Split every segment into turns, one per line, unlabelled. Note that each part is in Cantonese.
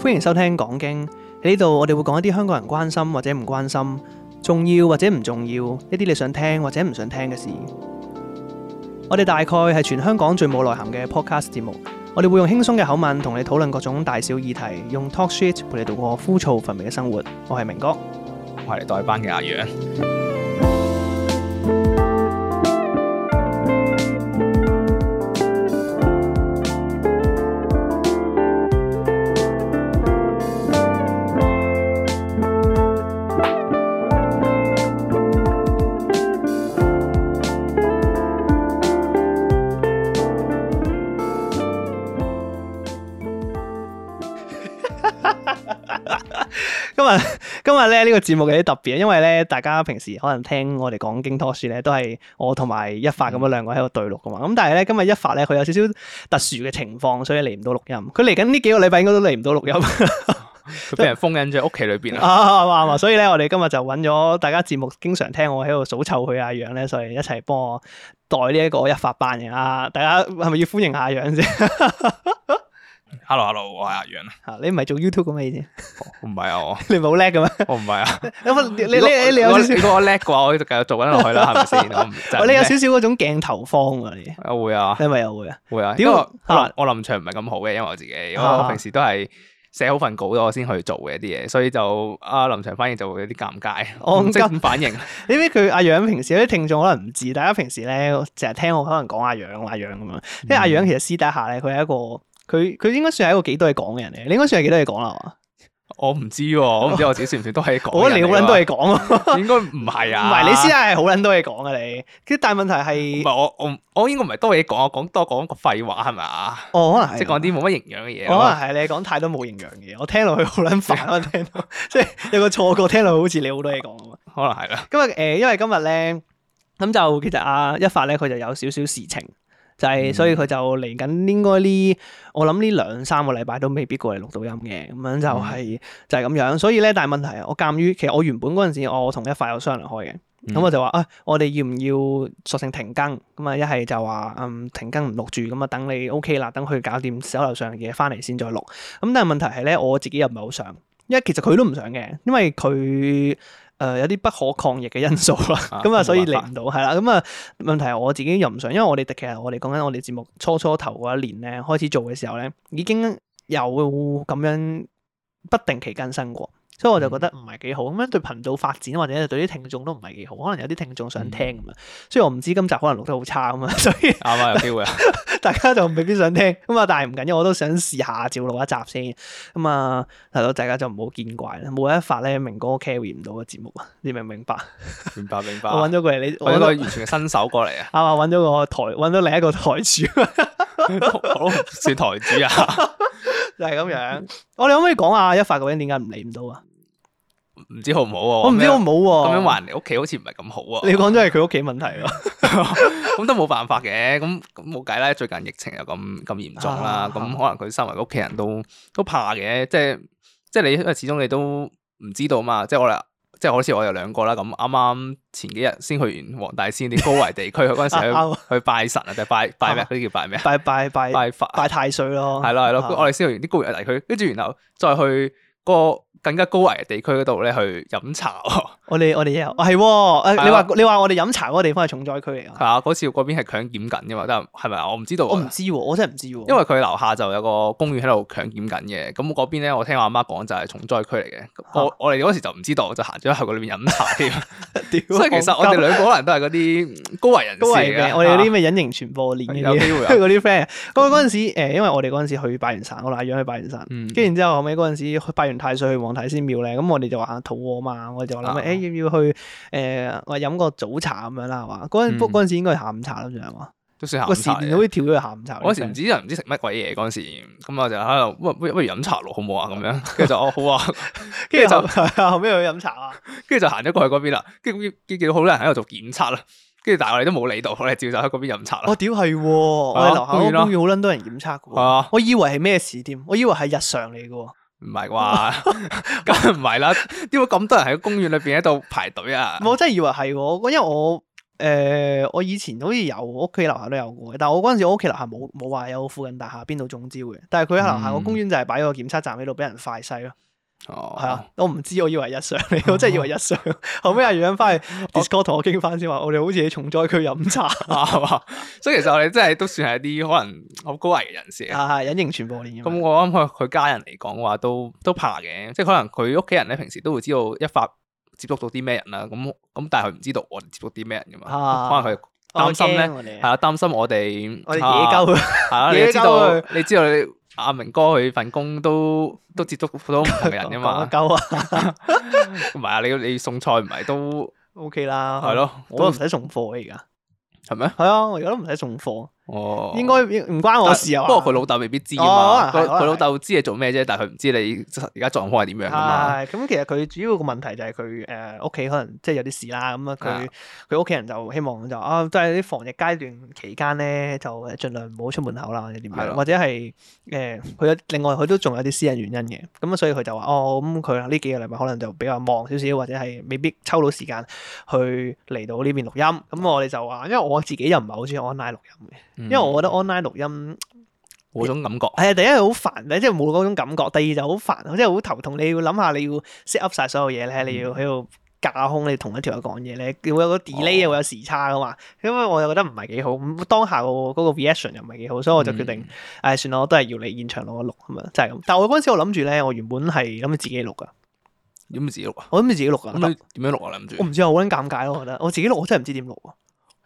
歡迎收聽講經，喺呢度，我哋會講一啲香港人關心或者唔關心、重要或者唔重要，一啲你想聽或者唔想聽嘅事。我哋大概係全香港最冇內涵嘅 podcast 節目。我哋會用輕鬆嘅口吻同你討論各種大小議題，用 talk shit 陪你度過枯燥乏味嘅生活。我係明哥，我係你代班嘅阿羊。呢個節目有啲特別，因為咧大家平時可能聽我哋講經拖書咧，都係我同埋一發咁樣兩個喺度對錄噶嘛。咁但係咧今日一發咧，佢有少少特殊嘅情況，所以嚟唔到錄音。佢嚟緊呢幾個禮拜應該都嚟唔到錄音，佢 被人封印咗喺屋企裏邊啊，啊，啊，啊，啊，所以咧，我哋今日就揾咗大家節目經常聽我喺度數湊佢阿羊咧，所以一齊幫我代呢一個一發班嘅啊。大家係咪要歡迎下阿羊先？ Hello，Hello，我係阿羊啊。你唔係做 YouTube 咁嘅嘢啫？唔係啊，你唔係好叻嘅咩？我唔係啊。你你你有少少，如果我叻嘅話，我繼續做翻落去啦，係咪先？我你有少少嗰種鏡頭慌啊！你我會啊，你咪又會啊？會啊。點解？我我臨場唔係咁好嘅，因為我自己，我平時都係寫好份稿，我先去做嘅一啲嘢，所以就阿臨場反應就會有啲尷尬。我即刻反應。你知佢阿羊平時有啲聽眾可能唔知，大家平時咧成日聽我可能講阿羊、阿羊咁樣。因為阿羊其實私底下咧，佢係一個。佢佢應該算係一個幾多嘢講嘅人嚟，你應該算係幾多嘢講啦，啊？我唔知喎，我唔知我自己算唔算多嘢講。我覺得你好撚多嘢講啊，應該唔係啊，唔係你先係好撚多嘢講啊你。但係問題係，唔係我我我應該唔係多嘢講，我講多講一個廢話係咪？哦，可能即係講啲冇乜營養嘅嘢。哦，可能係你講太多冇營養嘅嘢，我聽落去好撚煩啊！ 聽到即係有個錯覺，聽落去好似你好多嘢講啊嘛，可能係啦。今日誒、呃，因為今日咧，咁就其實阿一發咧，佢就有少少事情。就係，所以佢就嚟緊，應該呢，我諗呢兩三個禮拜都未必過嚟錄到音嘅，咁樣就係，就係咁樣。所以咧，但係問題，我鑒於其實我原本嗰陣時，我同一發有商量開嘅，咁我就話啊、哎，我哋要唔要索性停更？咁啊，一係就話嗯停更唔錄住，咁啊等你 OK 啦，等佢搞掂手頭上嘅嘢翻嚟先再錄。咁但係問題係咧，我自己又唔係好想，因為其實佢都唔想嘅，因為佢。誒、呃、有啲不可抗力嘅因素啦，咁啊 所以嚟唔到，係啦、啊，咁啊 問題係我自己又唔想，因為我哋其實我哋講緊我哋節目初初頭一年咧開始做嘅時候咧，已經有咁樣不定期更新過。所以我就覺得唔係幾好咁樣，嗯、對頻道發展或者對啲聽眾都唔係幾好，可能有啲聽眾想聽咁啊。所以、嗯、我唔知今集可能錄得好差咁啊。所以啱啱有機會啊， 大家就未必想聽咁啊。但係唔緊要，我都想試下照錄一集先咁啊。係咯，大家就唔好見怪啦。冇一發咧，明哥 carry 唔到嘅節目啊，你明唔明白？明白明白。揾咗過你個完全新手過嚟啊？啱啱揾咗個台，揾咗另一個台柱，笑， 算台主啊， 就係咁樣。 我哋可唔可以講下一發究竟點解唔嚟唔到啊？唔知好唔好喎？我唔知好唔好喎。咁樣話人哋屋企好似唔係咁好啊！你講咗係佢屋企問題咯。咁都冇辦法嘅。咁咁冇計啦。最近疫情又咁咁嚴重啦。咁可能佢周圍嘅屋企人都都怕嘅。即係即係你，始終你都唔知道嘛。即係我哋，即係好似我哋兩個啦。咁啱啱前幾日先去完黃大仙啲高危地區，嗰陣時去拜神啊，定拜拜咩？嗰啲叫拜咩？拜拜拜拜拜太歲咯。係啦係啦，我哋先去完啲高危地區，跟住然後再去個。更加高危嘅地區嗰度咧去飲茶，我哋我哋又，係，你話你話我哋飲茶嗰個地方係重災區嚟㗎，係啊，嗰次嗰邊係強檢緊㗎嘛，即係係咪啊？我唔知道，我唔知我真係唔知喎。因為佢樓下就有個公園喺度強檢緊嘅，咁嗰邊咧我聽我阿媽講就係重災區嚟嘅，我哋嗰時就唔知道，就行咗喺後面飲茶添，屌，所以其實我哋兩個可能都係嗰啲高危人士啊，我哋啲咩隱形傳播鏈嘅，有機會啊，嗰啲 friend，嗰嗰陣時誒，因為我哋嗰陣時去拜完山，我拉阿羊去拜完山，跟住然之後後尾嗰陣時去拜完太歲。望睇先妙咧，咁我哋就話肚餓嘛，我就話啦，誒，要唔要去誒，我飲個早茶咁樣啦，係嘛？嗰陣不嗰陣時應該係下午茶啦，仲係嘛？都算下午茶。嗰時你好似跳咗個下午茶。嗰時唔知人唔知食乜鬼嘢，嗰陣時咁我就喺度，不如飲茶咯，好唔好啊？咁樣，跟住就哦好啊，跟住就後尾去飲茶啊，跟住就行咗過去嗰邊啦，跟住見見到好多人喺度做檢測啦，跟住但係我哋都冇理到，我哋照就喺嗰邊飲茶啦。哦、我屌係，我哋樓下個公園好捻多人檢測噶、啊，我以為係咩事添，我以為係日常嚟噶。唔係啩，梗係唔係啦？點解咁多人喺公園裏邊喺度排隊啊？ 我真係以為係喎，因為我誒、呃，我以前好似有屋企樓下都有過嘅，但係我嗰陣時我屋企樓下冇冇話有附近大廈邊度中招嘅，但係佢樓下公園個公園就係擺個檢測站喺度俾人快篩咯。哦，係啊，我唔知，我以為日常嚟，我真係以為日常。後尾阿羊翻去 Discord 同我傾翻先話，我哋好似重災區飲茶，係嘛？所以其實我哋真係都算係一啲可能好高危嘅人士。係隱形傳播鏈。咁我諗佢佢家人嚟講嘅話，都都怕嘅，即係可能佢屋企人咧平時都會知道一發接觸到啲咩人啦。咁咁但係佢唔知道我哋接觸啲咩人噶嘛？可能佢擔心咧，係啊，擔心我哋我哋係啊，你知道，你知道。阿明哥佢份工都都接觸好多唔同嘅人嘅嘛，唔係 啊，你你送菜唔係都 OK 啦了，係咯，我都唔使送貨而家，係咩嗎？係啊，我而家都唔使送貨。哦，應該唔關我事啊。不過佢老豆未必知啊嘛。佢佢老豆知你做咩啫，但係佢唔知你而家狀況係點樣啊嘛。係，咁其實佢主要個問題就係佢誒屋企可能即係有啲事啦。咁啊，佢佢屋企人就希望就啊，都係啲防疫階段期間咧，就盡量唔好出門口啦，或者點樣，的或者係誒佢另外佢都仲有啲私人原因嘅。咁啊，所以佢就話哦，咁佢呢幾個禮拜可能就比較忙少少，或者係未必抽到時間去嚟到呢邊錄音。咁我哋就話，因為我自己又唔係好中意 online 錄音
嘅。因為我覺
得 online 錄音冇種感覺，係啊，第一係好煩，即係冇嗰種感覺；第二就好煩，即係好頭痛。你要諗下，你要 set up 晒所有嘢咧，嗯、你要喺度架空你同一條友講嘢咧，會有個 delay，會有時差噶嘛。哦、因咁我又覺得唔係幾好，當下個嗰個 reaction 又唔係幾好，所以我就決定唉、嗯哎，算啦，我都係要嚟現場攞嚟錄咁、就是、樣，就係咁。但係我嗰陣時我諗住咧，我原本係諗住自己錄噶，點自己錄啊？我諗住自己錄噶，點樣錄啊？諗住我唔知啊，好撚尷尬咯，我覺得我自己錄，我真係唔知點錄啊。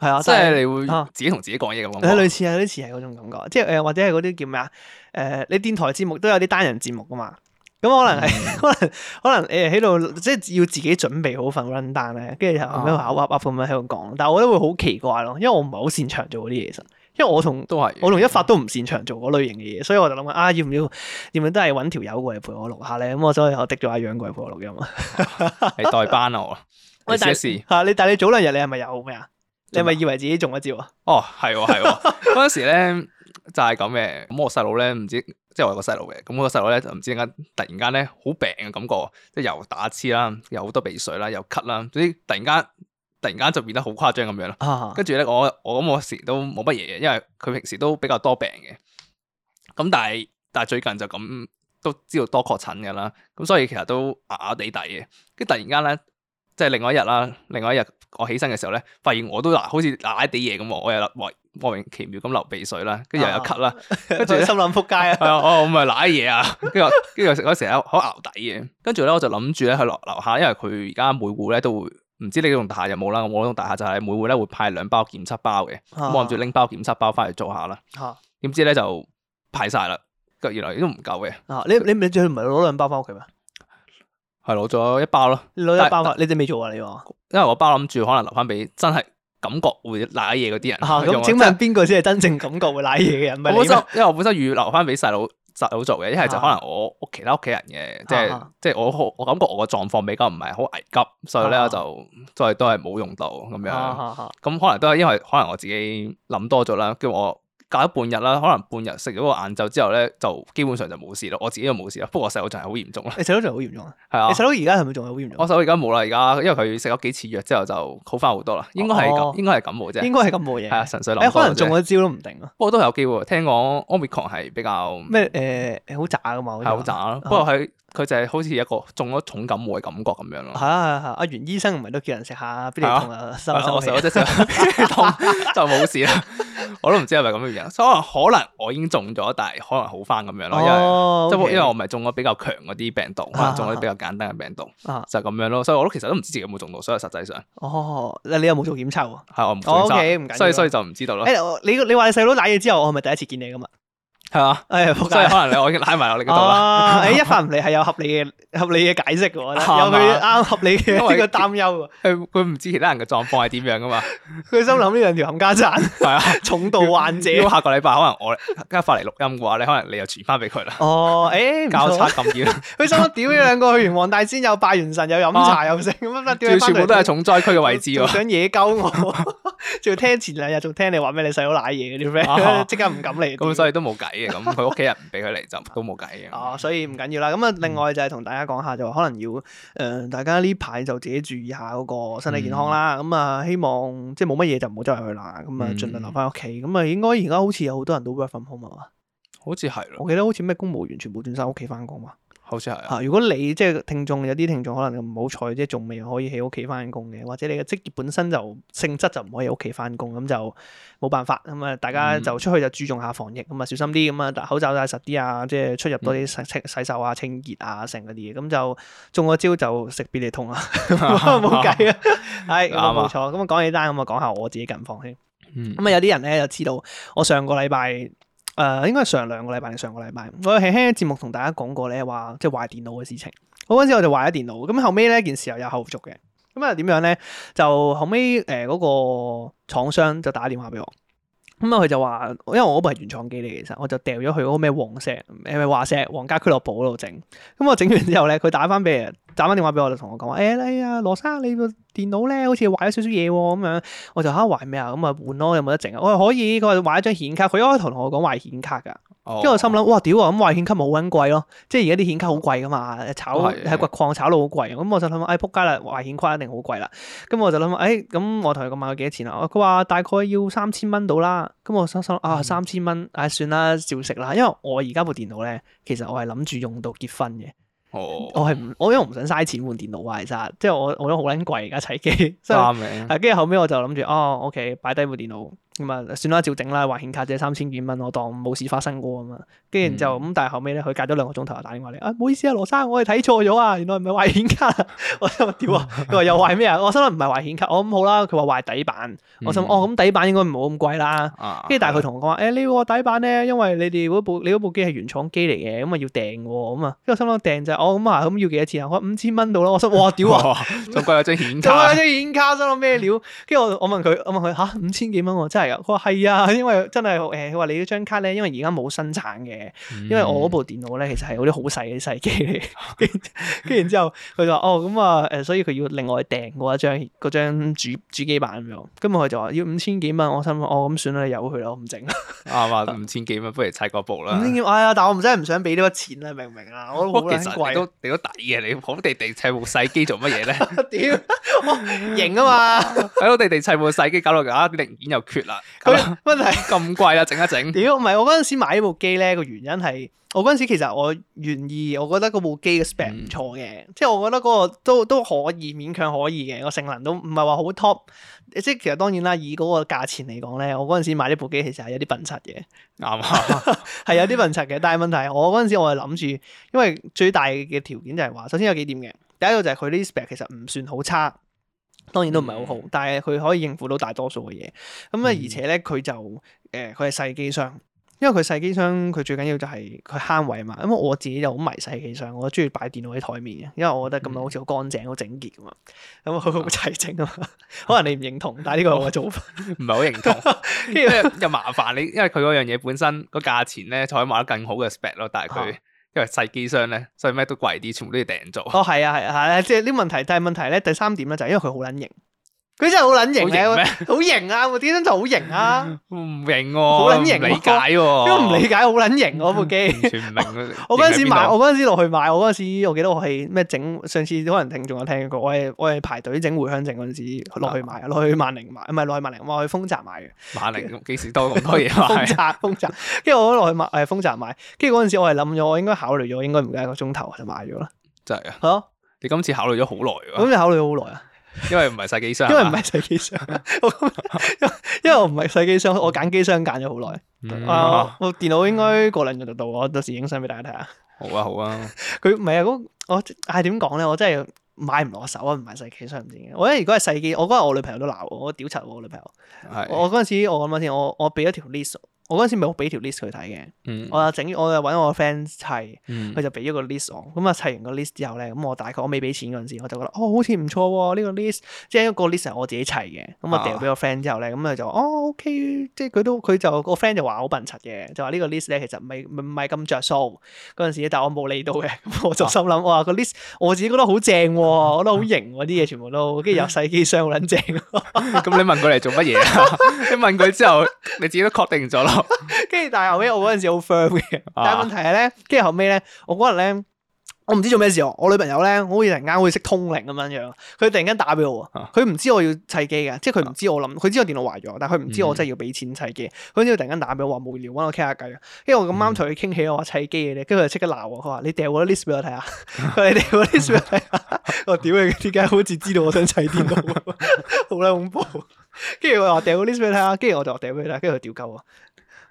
係啊，即係是、啊、你會自己同自己講嘢咁。類似啊，啲似係嗰種感覺，即係誒、呃、或者係嗰啲叫咩啊？誒、呃，你電台節目都有啲單人節目噶嘛？咁、嗯嗯、可能係可能可能誒喺度，即係要自己準備好份 run down 咧，跟住又喺度噏噏噏噏咁樣喺度講。但係我覺得會好奇怪咯，因為我唔係好擅長做嗰啲嘢，其實因為我同都係是我同一發都唔擅長做嗰類型嘅嘢，所以我就諗緊啊，要唔要要唔要，要，要都係揾條友過嚟陪我錄下咧？咁、嗯、我所以又滴咗阿羊過嚟陪我錄音，係 代班我。喂，但係你，但係你早兩日你係咪有咩啊？你咪以為自己中咗招啊？ 哦，係喎、哦，係喎、哦。嗰陣時咧就係咁嘅。咁我細佬咧唔知，即係我有個細佬嘅。咁我個細佬咧就唔知點解突然間咧好病嘅感覺，即係又打黐啦，又好多鼻水啦，又咳啦。總之突然間，突然間就變得好誇張咁樣啦。跟住咧，我我咁我時都冇乜嘢嘅，因為佢平時都比較多病嘅。咁但係但係最近就咁都知道多確診㗎啦。咁所以其實都壓壓地地嘅。跟住突然間咧，即係另外一日啦，另外一日。我起身嘅時候咧，發現我都嗱，好似揦啲嘢咁，我又流，莫名其妙咁流鼻水啦，跟住又有咳啦，跟住心諗扑街啊，我唔係揦嘢啊，跟住跟住食時咧好淆底嘅，跟住咧我就諗住咧去落樓下，因為佢而家每戶咧都會，唔知你棟大廈有冇啦，我嗰棟大廈就係每戶咧會派兩包檢測包嘅，望住拎包檢測包翻嚟做下啦，點、啊、知咧就派晒啦，跟住原來都唔夠嘅、啊，你你咪即係唔係攞兩包翻屋企咩？係攞咗一包咯，攞一包啊？是你哋未做啊？你話，因為我包諗住可能留翻俾真係感覺會瀨嘢嗰啲人吓。咁、啊嗯、請問邊個先係真正感覺會瀨嘢嘅人？我本身，因為我本身預留翻俾細佬細佬做嘅，一係就可能我，、啊、我其他屋企人嘅，即係即係我我感覺我個狀況比較唔係好危急，所以咧就、啊、以都係都係冇用到咁樣。咁、啊啊、可能都係因為可能我自己諗多咗啦，叫我。隔咗半日啦，可能半日食咗個晏晝之後咧，就基本上就冇事咯。我自己就冇事啦，不過我細佬就係好嚴重啦。你細佬仲係好嚴重啊？係啊，你細佬而家係咪仲係好嚴重？我細佬而家冇啦，而家因為佢食咗幾次藥之後就好翻好多啦，應該係、哦、應該係感冒啫，應該係感冒嘢。係啊，純粹諗。誒，可能中咗招都唔定咯。不過都係有機會，聽講 Omicron 係比較咩誒好渣噶嘛，好渣咯。不過佢。啊佢就係好似一個中咗重感冒嘅感覺咁樣咯。係啊，係啊，阿袁醫生唔係都叫人食下鼻嚟痛啊，心口痛即係鼻嚟痛就冇事啦。我都唔知係咪咁嘅樣，所以可能我已經中咗，但係可能好翻咁樣咯。因為因為我唔係中咗比較強嗰啲病毒，可能中咗比較簡單嘅病毒啊，就咁樣咯。所以我都其實都唔知自己有冇中到。所以實際上哦，你你有冇做檢測喎？係我唔做，所以所以就唔知道啦。誒，你你話你細佬舐嘢之後，我係咪第一次見你咁啊？係嘛？所以可能你我已經拉埋落你嗰度啦。哎，一發唔嚟係有合理嘅合理嘅解釋喎，有佢啱合理嘅呢個擔憂。佢佢唔知其他人嘅狀況係點樣噶嘛？佢心諗呢兩條冚家鏟，係啊，重度患者。如果下個禮拜可能我而家一發嚟錄音嘅話，你可能你又傳翻俾佢啦。哦，哎，交叉感染。佢心諗屌你兩個，去完黃大仙又拜完神又飲茶又成，咁啊全部都係重災區嘅位置喎。想野鳩我，仲要聽前兩日仲聽你話畀你細佬賴嘢嗰啲咩？即刻唔敢嚟。咁所以都冇計。咁佢屋企人唔俾佢嚟就都冇計嘅。 哦，所以唔緊要啦。咁啊，另外就係同大家講下，嗯、就可能要誒、呃，大家呢排就自己注意下嗰個身體健康啦。咁啊、嗯嗯，希望即係冇乜嘢就唔、嗯、好周圍去啦。咁啊，盡量留翻屋企。咁啊，應該而家好似有好多人都 work from home 啊嘛。好似係咯，我記得好似咩公務員全部轉晒屋企翻工嘛。好似係嚇，哦、是是是，如果你即係聽眾，有啲聽眾可能唔好彩，即係仲未可以喺屋企翻工嘅，或者你嘅職業本身就性質就唔可以喺屋企翻工，咁就冇辦法咁啊！大家就出去就注重下防疫，咁啊小心啲，咁啊戴口罩戴實啲啊，即係出入多啲洗，洗，洗手啊、清潔啊、剩嗰啲嘢，咁就中咗招就食必理痛啊，冇計啊！係冇錯，咁、嗯、講起單咁啊，講下我自己近況先。
咁
啊，有啲人咧就知道我上個禮拜。嗯誒應該係上兩個禮拜定上個禮拜，我有輕輕節目同大家講過咧，話即係壞電腦嘅事情，好嗰陣時我就壞咗電腦，咁後尾呢件事又有後續嘅。咁啊點樣咧？就後尾誒嗰個廠商就打電話俾我。咁啊，佢就話，因為我嗰部係原廠機嚟，其實我就掉咗去嗰個咩黃石，誒唔係華碩皇家俱樂部嗰度整。咁我整完之後咧，佢打翻俾人打翻電話俾我，就同我講話，誒誒啊，羅生你部電腦咧好似壞咗少少嘢喎咁樣。我就嚇壞咩啊？咁咪換咯，有冇得整啊？我話可以，佢話壞一張顯卡，佢開頭同我講壞顯卡噶。因為我心諗，oh. 哇，屌啊！咁華顯卡咪好撚貴咯，即係而家啲顯卡好貴噶嘛，炒喺個礦炒到好貴。咁我就諗，哎，仆街啦，華顯卡一定好貴啦。咁我就諗，哎，咁我同佢講買幾多錢啊？佢話大概要三千蚊到啦。咁我心諗，啊，三千蚊，唉、啊，算啦，照食啦。因為我而家部電腦咧，其實我係諗住用到結婚嘅。Oh. 我係唔，我因為唔想嘥錢換電腦，其實即係我，我都好撚貴而家砌機。啱嘅名。係，跟住後尾我就諗住，哦，OK，擺低部電腦。咁啊，算啦，照整啦。壞顯卡即係三千幾蚊，我當冇事發生過啊嘛。跟住然之後咁，但係後尾咧，佢隔咗兩個鐘頭又打電話嚟，啊，唔好意思啊，羅生，我哋睇錯咗啊，原來唔係壞顯卡，我我我，屌啊，佢話又壞咩啊？我心諗唔係壞顯卡，我咁好啦。佢話壞底板，我心諗，哦，咁底板應該唔會咁貴啦。跟住但係佢同我講話，誒呢個底板咧，因為你哋嗰部你嗰部機係原廠機嚟嘅，咁啊要訂喎，咁啊，跟住我心諗訂就係我咁啊，咁要幾多錢啊？我話五千蚊到啦，我心，哇屌啊，仲貴過張顯卡，仲貴過張顯卡，心諗咩料？跟住我我問佢，五千幾蚊係啊，佢話係啊，因為真係誒，佢、欸、話你嗰張卡咧，因為而家冇生產嘅，因為我部電腦咧，其實係嗰啲好細嘅細機嚟，跟 跟然之後佢就話哦，咁啊誒，所以佢要另外訂嗰一張嗰張主主機板咁樣，跟住我佢就話要五千幾蚊，我心諗哦，咁算啦，由佢我唔整啦，啱啊、嗯，五千幾蚊，不如砌嗰部啦，五千幾，係、哎、啊，但係我唔真係唔想俾呢個錢啦，明唔明啊？我都好貴，都你都抵嘅，你好地地砌部細機做乜嘢咧？屌， 我、哦、型啊嘛，喺好地地砌部細機，搞到而家零件又缺啦。佢問題咁貴啦，整、 啊、一整屌唔係我嗰陣時買部機呢部機咧個原因係我嗰陣時其實我願意，我覺得嗰部機嘅 spec 唔錯嘅，嗯、即係我覺得嗰個都都可以勉強可以嘅個性能都唔係話好 top，即係其實當然啦以嗰個價錢嚟講咧，我嗰陣時買呢部機其實係有啲笨柒嘅，啱係、嗯、 有啲笨柒嘅，但係問題我嗰陣時我係諗住，因為最大嘅條件就係話，首先有幾點嘅，第一個就係佢啲 spec 其實唔算好差。當然都唔係好好，但係佢可以應付到大多數嘅嘢。咁啊、嗯，而且咧佢就誒佢係細機箱，因為佢細機箱佢最緊要就係佢慳位嘛。因為我自己就好迷細機箱，我中意擺電腦喺台面嘅，因為我覺得咁樣好似好乾淨、好、嗯、整潔噶嘛，咁佢好齊整嘛啊。可能你唔認同，但係呢個我嘅做法唔係好認同。跟住咧又麻煩你，因為佢嗰樣嘢本身嗰價錢咧就可以買到更好嘅 spec 咯，但係佢。啊。因為細機箱咧，所以咩都貴啲，全部都要訂做。哦，係啊，係啊，係啊，即係呢問題。但係問題咧，第三點咧，就係因為佢好撚型。佢真係好撚型嘅，好型啊！我天生就好型啊！唔型喎，啊、理解喎、啊，因為唔理解好撚型嗰部機，完、啊、全唔明 我嗰陣時買我嗰陣時落去買，我嗰陣時我記得我係咩整？上次可能聽仲有聽過，我係我係排隊整回鄉證嗰陣時落的去買，落去萬寧買，唔係落去萬寧，我係去豐澤買嘅。萬寧幾時多咁多嘢買？豐澤， 豐跟住我落去萬誒豐澤買，跟住嗰陣時我係諗咗，我應該考慮咗，應該唔夠一個鐘頭就買咗啦。就係的啊！嚇，你今次考慮咗好耐喎。咁你考慮咗好耐啊？因為唔係細機箱， 因為唔係細機箱。因 因為我唔係細機箱， 我揀機箱揀咗好耐。嗯、啊，我電腦應該過兩日就到，我到時影相俾大家睇下。 好啊，好啊。佢唔係啊，咁我係點講咧？我真係買唔落手啊，唔係細機箱，唔知點解。我覺得如果係細機，我覺得我女朋友都鬧我，我屌柒我女朋友。是我嗰陣時，我諗返先，我我俾咗條 list。我嗰時咪好俾條 list 佢睇嘅，我又整，就我又揾我個 friend 砌，佢就俾咗個 list 我、嗯，咁啊砌完個 list 之後咧，咁我大概我未俾錢嗰陣時，我就覺得哦好似唔錯喎，呢、這個 list 即係一個 list 係我自己砌嘅，咁啊掉俾個 friend 之後咧，咁佢就哦 ok，即係佢都佢就，就，就、個 friend 就話好笨柒嘅，就話呢個 list 咧其實唔係唔係咁着數嗰陣時，但我冇理到嘅，我就心諗、啊、哇、個 list 我自己覺得好正、啊， 我覺得好型、啊，啲嘢，全部都跟住又細機箱好撚正，咁你問佢嚟做乜嘢啊？你 問佢之後，你自己都確定咗咯。 跟住， 但係後尾我嗰陣時好 firm 嘅，但係問題係咧，跟住後尾咧，我嗰日咧，我唔知做咩事我，我女朋友咧好似突然間會識通靈咁樣樣，佢突然間打俾我，佢唔知我要砌機嘅，即係佢唔知我諗，佢知我電腦壞咗，但係佢唔知我真係要俾錢砌機，佢就突然間打俾我話無聊，搵我傾下偈，跟住我咁啱同佢傾起我話砌機嘅咧，跟住佢就即刻鬧我，佢話你掉個 list 俾我睇下，佢話你掉個 list 俾我睇下，我屌你點解好似知道我想砌電腦，好鬼恐怖，跟住佢話掉個 list 俾你睇下，跟住我就掉俾佢睇，跟住佢屌鳩我。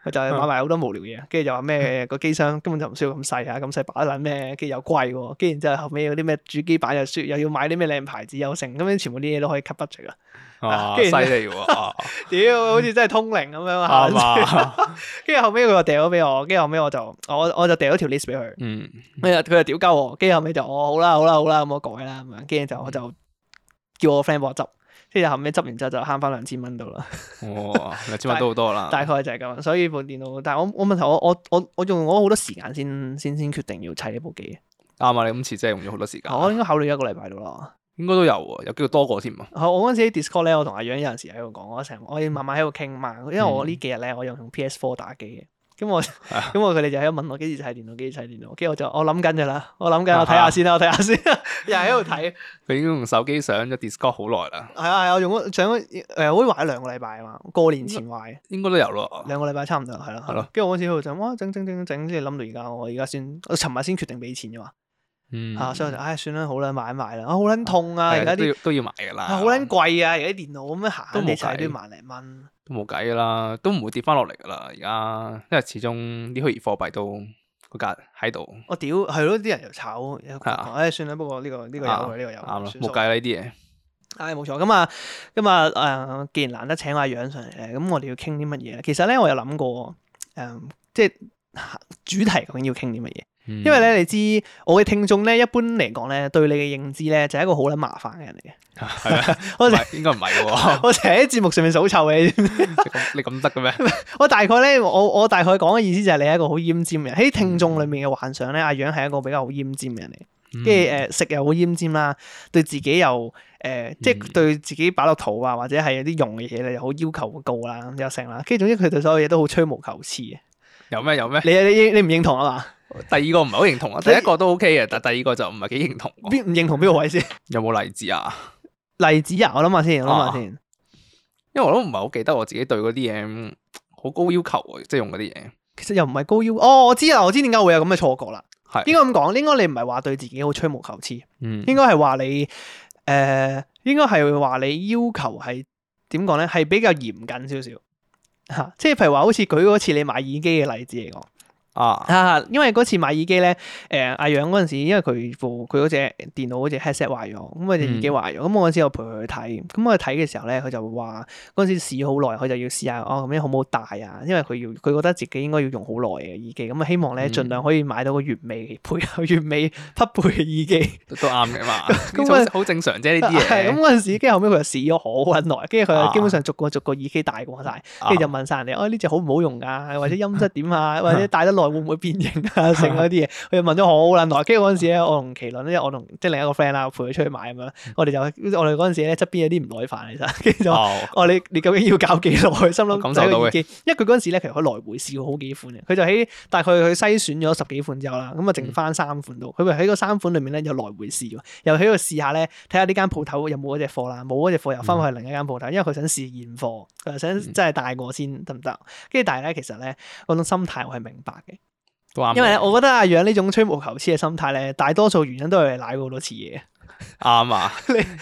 佢就係買埋好多無聊嘢，跟住就話咩個機箱根本就唔需要咁細啊，咁細把撚咩，跟住又貴喎，跟住然之後後尾有啲咩主機板又説又要買啲咩靚牌子又剩，咁樣全部啲嘢都可以 cut 得著，跟住、犀利喎！屌，好似真係通靈咁樣啊嘛！跟住後尾佢話掉咗俾我，跟住後尾我就我我就掉咗條 list 俾佢。嗯。跟住佢又屌鳩我，跟住後尾就哦，好啦好啦好啦，咁我改啦咁樣，跟住就我就叫我 friend 幫我執。即係後尾執完之後就慳翻兩千蚊到啦。哦，兩千蚊都好多啦。 大概就係咁，所以部電腦，但係我我問題我我我用咗好多時間先先先決定要砌呢部機。啱啊，你今次真係用咗好多時間。哦，我應該考慮一個禮拜到啦。應該都有喎，有叫做多個添啊。我嗰陣時喺 Discord 咧，我同阿楊有陣時喺度講，我成日，我要慢慢喺度傾嘛，因為我幾呢幾日咧，我用 P S Four 打機嘅。咁我咁我佢哋就喺度問我幾時睇電，電腦，幾時睇電腦？跟住我就我諗緊啫啦，我諗緊，我睇下先啦，我睇下先。看看 又喺度睇，佢 已經用手機上咗 Discord 好耐啦。係啊係啊，我用咗上咗誒，好似壞咗兩個禮拜啊嘛，過年前壞。應該都有咯，兩個禮拜差唔多，係咯、啊。係咯、啊。跟住我開始喺度想，哇，整整整整即係諗到而家，我而家先，我尋日先決定俾錢啫嘛。嗯。啊，所以我就唉、哎，算啦，好啦，買一買啦。啊，好撚痛啊！而家都要都要買噶啦。啊，好撚貴啊！而家啲電腦咁樣行，都冇睇都要萬零蚊。啊啊啊啊冇計噶啦，都唔會跌翻落嚟噶啦，而家因為始終啲虛擬貨幣都個價喺度。我屌係咯，啲、 嗯、 人又炒，又唉、 哎，算啦。不過呢、這個呢、這個有，呢、啊、個有，啱啦、嗯。冇計啦呢啲嘢。唉了，冇錯。咁啊，咁 啊，誒、哎，既然難得請我阿羊上嚟，咁我哋要傾啲乜嘢咧？其實咧，我有諗過，誒、嗯，即係主題究竟要傾啲乜嘢？因為咧，你知我嘅聽眾咧，一般嚟講咧，對你嘅認知咧，就係一個好捻麻煩嘅人嚟嘅 嗎。係啊，我應該唔係喎，我成日喺節目上面數湊你。你咁得嘅咩？我大概咧，我我大概講嘅意思就係你係一個好閹尖嘅人。喺聽眾裏面嘅幻想咧，嗯、阿羊係一個比較好閹尖嘅人嚟。嘅。跟住誒，食又好閹尖啦，對自己又誒，即、呃、係、嗯、對自己擺落肚啊，或者係有啲用嘅嘢咧，又好要求高啦，又成啦。跟住，總之佢對所有嘢都好吹毛求疵嘅。有咩？有咩？你你你唔認同啊嘛？第二個唔係好認同啊，第一個都 OK 嘅，但第二個就唔係幾認同。邊唔認同邊個位先？有冇例子啊？例子啊，我諗下先，諗下先。因為我都唔係好記得我自己對嗰啲嘢好高要求，即係用嗰啲嘢。其實又唔係高要哦，我知啊，我知點解會有咁嘅錯覺啦。係的應該咁講，應該你唔係話對自己好吹毛求疵，嗯，應該係話你誒、呃，應該係話你要求係點講咧？係比較嚴謹少少吓，即係譬如話好似舉嗰次你買耳機嘅例子嚟講。啊，因為嗰次買耳機咧，誒阿羊嗰陣時，因為佢部佢嗰隻電腦嗰隻 headset 壞咗，咁佢隻耳機壞咗，咁我嗰時我陪佢去睇，咁去睇嘅時候咧，佢就話嗰陣時試好耐，佢就要試下哦，咁樣好唔好戴啊？因為佢要佢覺得自己應該要用好耐嘅耳機，咁啊希望咧盡量可以買到個完美配合完美匹配嘅耳機，都啱嘅嘛，咁啊好正常啫呢啲嘢。咁嗰陣時，跟住後尾佢就試咗好耐，跟住佢基本上逐個逐個耳機戴過晒。跟住就問晒人哋、啊，哦呢隻好唔好用噶、啊？或者音質點啊？或者戴得耐、啊。啊」會唔會變形啊？剩嗰啲嘢，佢就問咗好耐。跟住嗰陣時咧，我同麒麟咧，我同即係另一個 friend 啦，陪佢出去買咁樣，我哋就我哋嗰陣時咧，側邊有啲唔耐煩啊，其實，哦，哦，你你究竟要搞幾耐？心諗，感受唔到嘅，因為佢嗰陣時咧，其實佢來回試過好幾款嘅，佢就喺大概佢去篩選咗十幾款之後啦，咁啊剩翻三款度，佢咪喺嗰三款裏面咧又來回試，又喺度試下咧，睇下呢間鋪頭有冇嗰隻貨啦，冇嗰隻貨又翻去另一間鋪頭，因為佢想試現貨，佢想真係大過先得唔得？跟住但係咧，其實咧嗰種心態我係明白嘅。都啱，因為我覺得阿楊呢種吹毛求疵嘅心態咧，大多數原因都係買過好多次嘢。啱啊，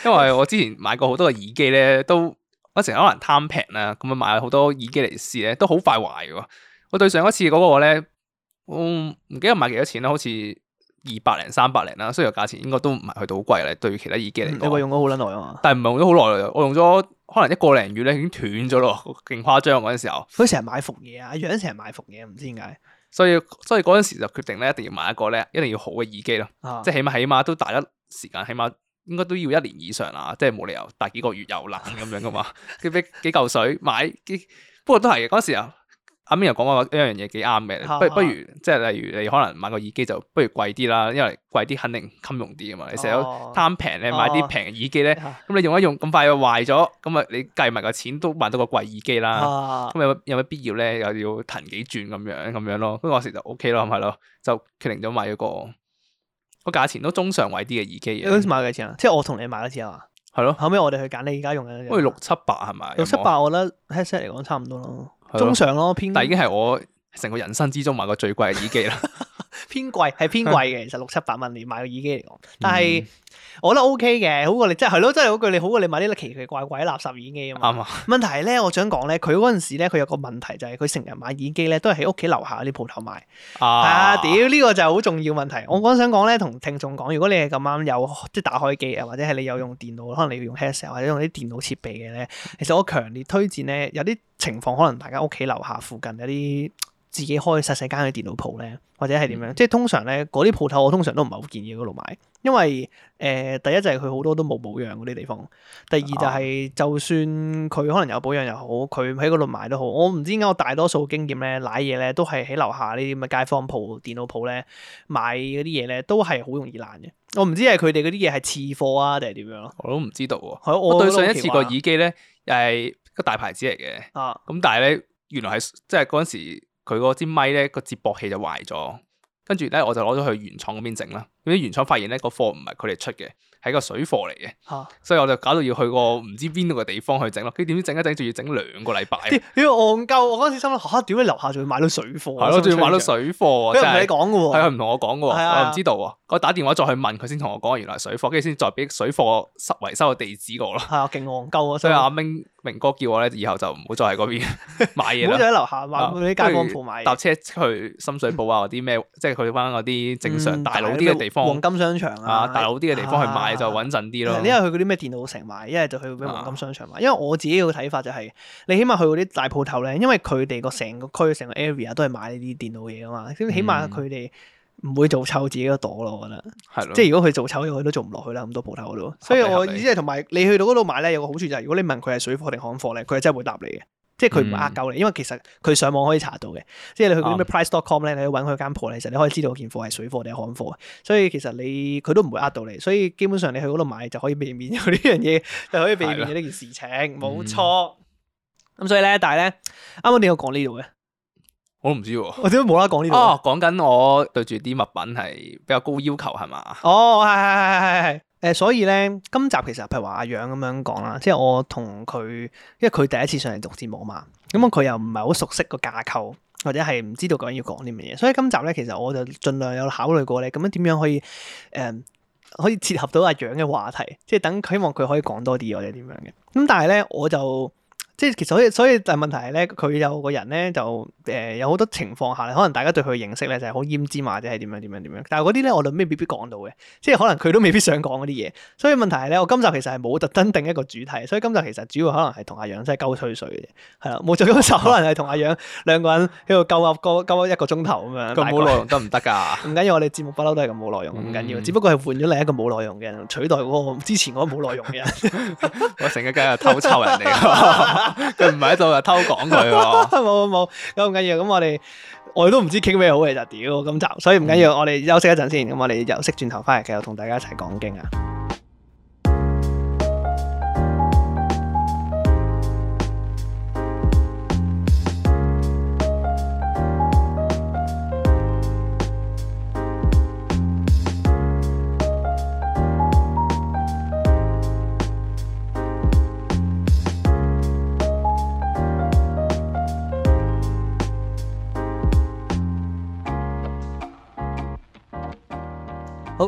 因為我之前買過好多嘅耳機咧，都我成日可能貪平啦，咁啊買好多耳機嚟試咧，都好快壞嘅。我對上一次嗰個咧，我唔記得買幾多錢啦，好似二百零三百零啦，雖然價錢應該都唔係去到好貴啦，對其他耳機嚟講。你話、嗯、用咗好捻耐啊嘛？但係唔係用咗好耐啊？我用咗可能一個零月咧，已經斷咗咯，勁誇張嗰陣時候。佢成日買服嘢啊，阿楊成日買服嘢，唔知點解。所以所以嗰陣時就決定咧，一定要買一個咧，一定要好嘅耳機咯，啊、即係起碼起碼都戴一時間，起碼應該都要一年以上啦，即係冇理由戴幾個月又爛咁樣㗎嘛，畀幾嚿水買，幾不過都係嘅嗰陣時候啱啱又講話一樣嘢幾啱嘅，不、啊、不如即係、啊、例如你可能買個耳機就不如貴啲啦，因為貴啲肯定襟用啲啊嘛。啊你成日貪平你買啲平耳機咧，咁、啊嗯、你用一用咁快又壞咗，咁啊你計埋個錢都買到個貴耳機啦。咁、啊、有有乜必要咧又要騰幾轉咁樣咁樣咯？嗰時就 OK 咯，係咪咯？就決定咗買嗰個個價錢都中上位啲嘅耳機。買你買幾錢啊？即係我同你買嗰次啊嘛。係咯吧，後尾我哋去揀你而家用嘅，不如六七百係咪？六七百我覺得 headset 嚟講差唔多咯。嗯。中上咯，偏，但已經係我成個人生之中買過最貴嘅耳機啦。偏貴係偏貴嘅，其實 六七百蚊你買個耳機嚟講，但係我覺得 OK 嘅，好過你即係係咯，即係嗰句，你好過你買啲奇奇怪怪垃圾耳機啊嘛。 問題咧，我想講咧，佢嗰陣時咧，佢有個問題就係佢成日買耳機咧，都係喺屋企樓下啲鋪頭買啊。屌呢個就好重要問題，我我想講咧，同聽眾講，如果你係咁啱有即係打開機啊，或者係你有用電腦，可能你要用 headset 或者用啲電腦設備嘅咧，其實我強烈推薦咧，有啲情況可能大家屋企樓下附近有啲。自己開細細間嘅電腦鋪咧，或者係點樣？嗯、即係通常咧，嗰啲鋪頭我通常都唔係好建議嗰度買，因為誒、呃、第一就係佢好多都冇保養嗰啲地方，第二就係就算佢可能有保養又好，佢喺嗰度買都好，我唔知點解我大多數經驗咧，瀨嘢咧都係喺樓下呢啲咁嘅街坊鋪、電腦鋪咧買嗰啲嘢咧，都係好容易爛嘅。我唔知係佢哋嗰啲嘢係次貨啊，定係點樣咯？我都唔知道喎、啊。我對上一次個耳機咧，又係個大牌子嚟嘅，咁但係咧，原來係即係嗰陣佢嗰支咪咧，個接駁器就壞咗，跟住咧我就攞咗去原廠嗰邊整啦。點知原廠發現咧，個貨唔係佢哋出嘅，係個水貨嚟嘅，啊、所以我就搞到要去個唔知邊度嘅地方去整咯。跟住點知整一整，仲要整兩個禮拜、啊，點樣戇鳩？我嗰陣時心諗嚇，點、啊、解樓下仲要買到水貨？係咯， 仲要買到水貨，麼真係的你講嘅喎，係佢唔同我講嘅、啊、我唔知道喎，我打電話再去問佢先同我講，原來水貨，跟住先再俾水貨修維修嘅地址我咯。係啊，勁戇鳩啊！所以阿明。 明哥叫我咧，以後就唔好再喺嗰邊 買嘢啦。唔好再喺樓下買嗰啲街坊鋪買。搭 車去深水埗啊，嗰啲咩，即係去翻嗰啲正常大佬啲嘅地方，嗯、黃金商場啊，啊大佬啲嘅地方去買就穩陣啲咯。一係去嗰啲咩電腦城買，一係就去嗰咩黃金商場買。因為我自己嘅睇法就係、是，你起碼去嗰啲大鋪頭咧，因為佢哋個成個區成個 area 都係買呢啲電腦嘢啊嘛，起碼佢哋、嗯。唔會做臭自己個朵咯，我覺得，的即係如果佢做臭嘢，佢都做唔落去啦。咁多鋪頭嗰度，合理合理，所以我意思係，同埋你去到嗰度買咧，有個好處就係、是，如果你問佢係水貨定行貨咧，佢係真係會答你嘅，即係佢唔呃夠你。嗯、因為其實佢上網可以查到嘅，即係你去嗰啲咩 price.com 咧，你去搵佢間鋪，其實你可以知道件貨係水貨定係行貨，所以其實你佢都唔會呃到你，所以基本上你去嗰度買就可以避免咗呢樣嘢，嗯、就可以避免咗呢件事情。冇錯。咁、嗯、所以咧，但係咧，啱啱點解講呢度嘅？我都唔知喎、啊，我點解冇啦，講呢度。哦，講緊我對住啲物品係比較高要求係嘛？哦，係係係係係，誒，所以咧，今集其實譬如話阿羊咁樣講啦，即係我同佢，因為佢第一次上嚟做節目嘛，咁佢又唔係好熟悉個架構，或者係唔知道究竟要講啲乜嘢，所以今集咧，其實我就盡量有考慮過咧，咁樣點樣可以，誒、嗯，可以切合到阿羊嘅話題，即係等希望佢可以講多啲或者點樣嘅，咁但係咧我就。即係其實所以所以，但係問題係咧，佢有個人咧就誒有好多情況下可能大家對佢認識咧就係好閹尖之嘛，或者係點樣點樣點樣。但係嗰啲咧，我哋未必講到嘅，即係可能佢都未必想講嗰啲嘢。所以問題係咧，我今集其實係冇特登定，定一個主題，所以今集其實主要可能係同阿羊真係鳩吹水嘅啫，係啦，冇最多就可能係同阿羊兩個人喺度鳩噏鳩鳩噏一個鐘頭咁樣。咁冇 概內容得唔得㗎？唔緊要，我哋節目不嬲都係咁冇內容，唔緊要，只不過係換咗另一個冇內容嘅人取代我之前嗰個冇內容嘅人。 我成日梗係偷臭人哋。 佢唔係喺度，又 偷講佢喎。冇冇冇，咁唔緊要。咁我哋我哋都唔知傾咩好嘅就屌咁集，所以唔緊要。嗯、我哋休息一陣先。咁我哋休息轉頭翻嚟，繼續同大家一齊講經啊。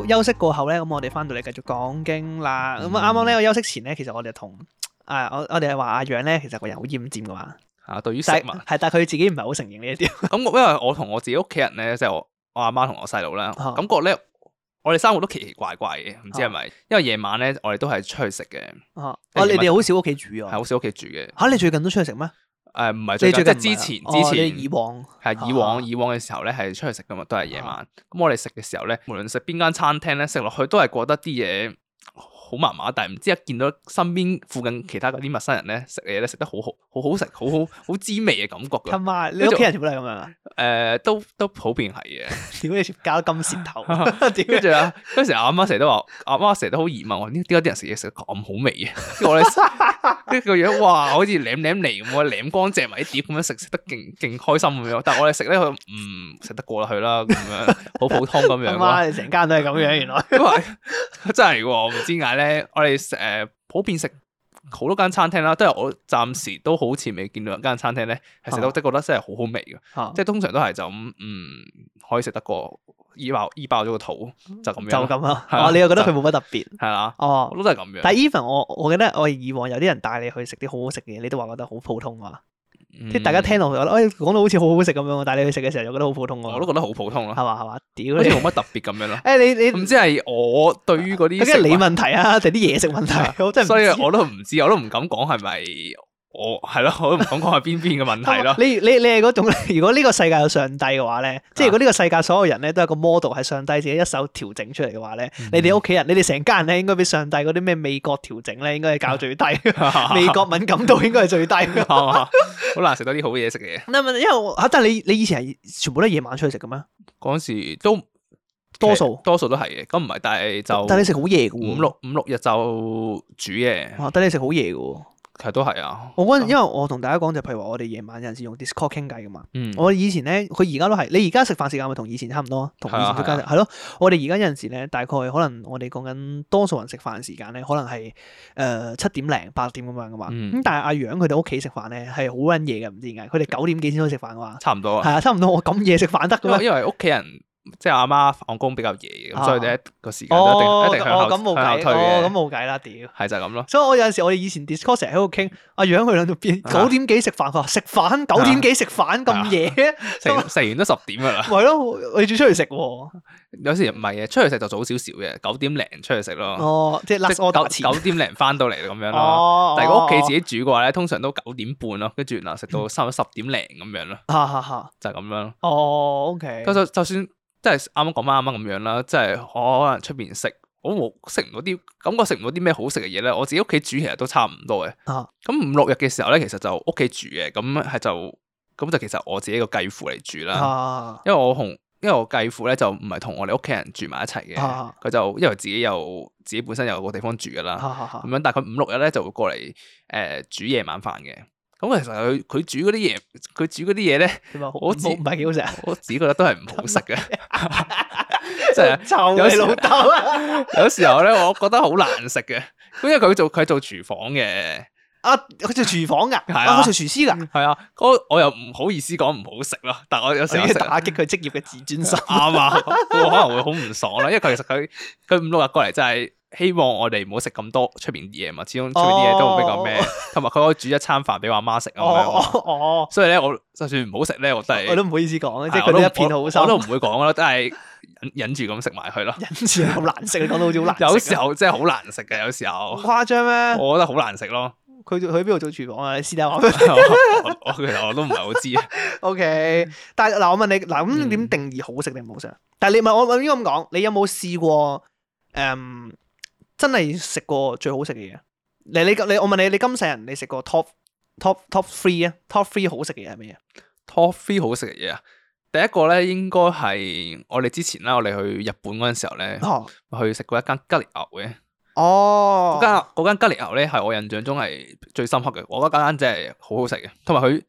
休息過後咧，咁我哋翻到嚟繼續講經啦。咁啱啱咧，我休息前咧，其實我哋同誒我我哋係話阿楊咧，其實個人好腌尖噶嘛。啊，對於食物係，但係佢自己唔係好承認呢一點。咁因為我同我自己屋企人咧，即係我我阿媽同我細佬啦。感覺咧，我哋生活都奇奇怪怪嘅，唔知係咪？因為夜晚咧，我哋都係出去食嘅。啊，你哋好少屋企煮啊？係好少屋企煮嘅。吓，你最近都出去食咩？誒，唔係即係，之前、哦、之前以往以往，啊、以往嘅時候咧，係出去食嘅嘛，都係夜晚。咁、啊、我哋食嘅時候咧，無論食邊間餐廳咧，食落去都係覺得啲嘢好麻麻地，但係唔知一見到身邊附近其他嗰啲陌生人咧，食嘢咧食得好好好好食，好好好滋味嘅感覺。同埋你屋企人全部都係咁樣。誒，都都普遍係嘅。點解你，加金舌頭。跟住啊，嗰時阿媽成日都話，阿媽成日都好疑問，我點解啲人食嘢食得咁好味嘅？我哋，跟住個樣，哇，好似舐舐嚟咁，舐乾淨埋啲碟咁樣食，食得勁勁開心咁樣。但係我哋食咧，佢唔食得過落去啦，咁樣好普通咁樣。阿媽，成家都係咁樣，原來。真係喎，唔知嗌咧。誒，我哋誒，普遍食好多間餐廳啦，都係我暫時都好似未見到一間餐廳咧，係食、啊、得即係覺得真係好好味嘅，即係、啊、通常都係就咁，嗯，可以食得過，醫飽醫飽咗個肚就咁就咁咯。哦、啊，啊、你又覺得佢冇乜特別係啦。哦，都係咁樣。但係 Even，我我記得我以往有啲人帶你去食啲好好食嘅嘢，你都話覺得好普通啊。即係大家聽落去，覺得，哎，講到好似好好食咁樣，但係你去食嘅時候又覺得好普通啊！我都覺得好普通咯，係嘛係嘛，屌，好似冇乜特別咁樣咯。誒、 哎，你你唔知係我對於嗰啲，咁係 你問題啊，定啲嘢食問題？我真係， 所以我都唔知，我都唔敢講係咪。我係咯，我都唔講講係邊邊嘅問題咯。 你你你係嗰種，如果呢個世界有上帝嘅話咧，啊、即係如果呢個世界所有人咧都係個 model，係上帝自己一手調整出嚟嘅話咧，嗯、你哋屋企人，你哋成家人咧應該俾上帝嗰啲咩味覺調整咧，應該係較最低，味覺、啊、 敏感度應該係最低。好難食得啲好嘢食嘅。嗱，因為吓，但係你你以前係全部都夜晚出去食嘅咩？嗰時都多數，多數都係嘅。咁唔係，但係就但係你食好夜嘅，五六五六日就煮嘢。哇，但你食好夜嘅。係都係啊！我嗰陣，因為我同大家講就譬如話，我哋夜晚有陣時用 Discord 傾偈噶嘛。嗯、我以前咧，佢而家都係你而家食飯時間咪同以前差唔多，同以前出街食係咯。我哋而家有陣時咧，大概可能我哋講緊多數人食飯時間咧，可能係誒、呃、七點零八點咁樣噶嘛。咁、嗯、但係阿羊佢哋屋企食飯咧係好撚夜嘅，唔知點解佢哋九點幾先可以食飯噶嘛？差唔多啊，係啊，差唔多我咁夜食飯得㗎嘛？因為屋企人。即係阿媽放工比較夜，咁所以咧個時間一定一定向後推嘅，咁冇計啦，屌，係就咁咯。所以我有陣時，我哋以前 Discourse 成日喺度傾，阿楊去兩度邊，九點幾食飯，話食飯九點幾食飯咁夜，食食完都十點噶啦。係咯，你仲出去食？有陣時唔係嘅，出去食就早少少嘅，九點零出去食咯。哦，即係 l a 九點零翻到嚟咁樣咯。哦，但係屋企自己煮嘅話咧，通常都九點半咯，跟住原嚟食到差唔多十點零咁樣咯。就係咁樣咯。哦，OK。就就算。即係啱啱講翻啱啱咁樣啦，即係我可能出邊食，我冇食唔到啲感覺，食唔到啲咩好食嘅嘢咧。我自己屋企煮其實都差唔多嘅。咁、啊、五六日嘅時候咧，其實就屋企煮嘅，咁係就咁就其實我自己個繼父嚟煮啦。因為我同因為我繼父咧就唔係同我哋屋企人住埋一齊嘅。佢、啊、就因為自己有自己本身有個地方住㗎啦。咁、啊啊、樣，大概五六日咧就會過嚟誒、呃、煮夜晚飯嘅。咁其實佢佢煮嗰啲嘢，佢煮嗰啲嘢咧，嗯、我唔係幾好食。嗯嗯嗯、我自己覺得都係唔好食嘅，即係 的臭老豆。有時候咧，我覺得好難食嘅。咁因為佢做佢做廚房嘅，啊佢做廚房噶，係啊佢做、啊、廚師噶，係啊。我又唔好意思講唔好食咯。但係我有時想打擊佢職業嘅自尊心 啊嘛，我可能會好唔爽啦。因為佢其實佢佢五六日過嚟真係。希望我哋唔好食咁多出邊嘢嘛，始終出邊啲嘢都比較咩，同埋佢可以煮一餐飯俾阿媽食咁樣。哦，所以咧，我就算唔好食咧，我都我都唔好意思講，即係佢一片好心，我都唔會講咯，都係忍忍住咁食埋佢咯。忍住好難食，你講到好似好難食。有時候真係好難食嘅，有時候誇張咩？我覺得好難食咯。佢去喺邊度做廚房啊？私底下我其實我都唔係好知。OK，但係嗱，我問你嗱，咁你點定義好食定唔好食？但係你問我我應該咁講，你有冇試過誒？真係食過最好食嘅嘢。嚟你你我問你，你今世人你食過 top top top three 啊？top three 好食嘅嘢係咩嘢？top three 好食嘅嘢啊，第一個咧應該係我哋之前啦，我哋去日本嗰陣時候咧，哦、去食過一間吉列牛嘅。哦，嗰間嗰間吉列牛咧係我印象中係最深刻嘅，我覺得間間真係好好食嘅，同埋佢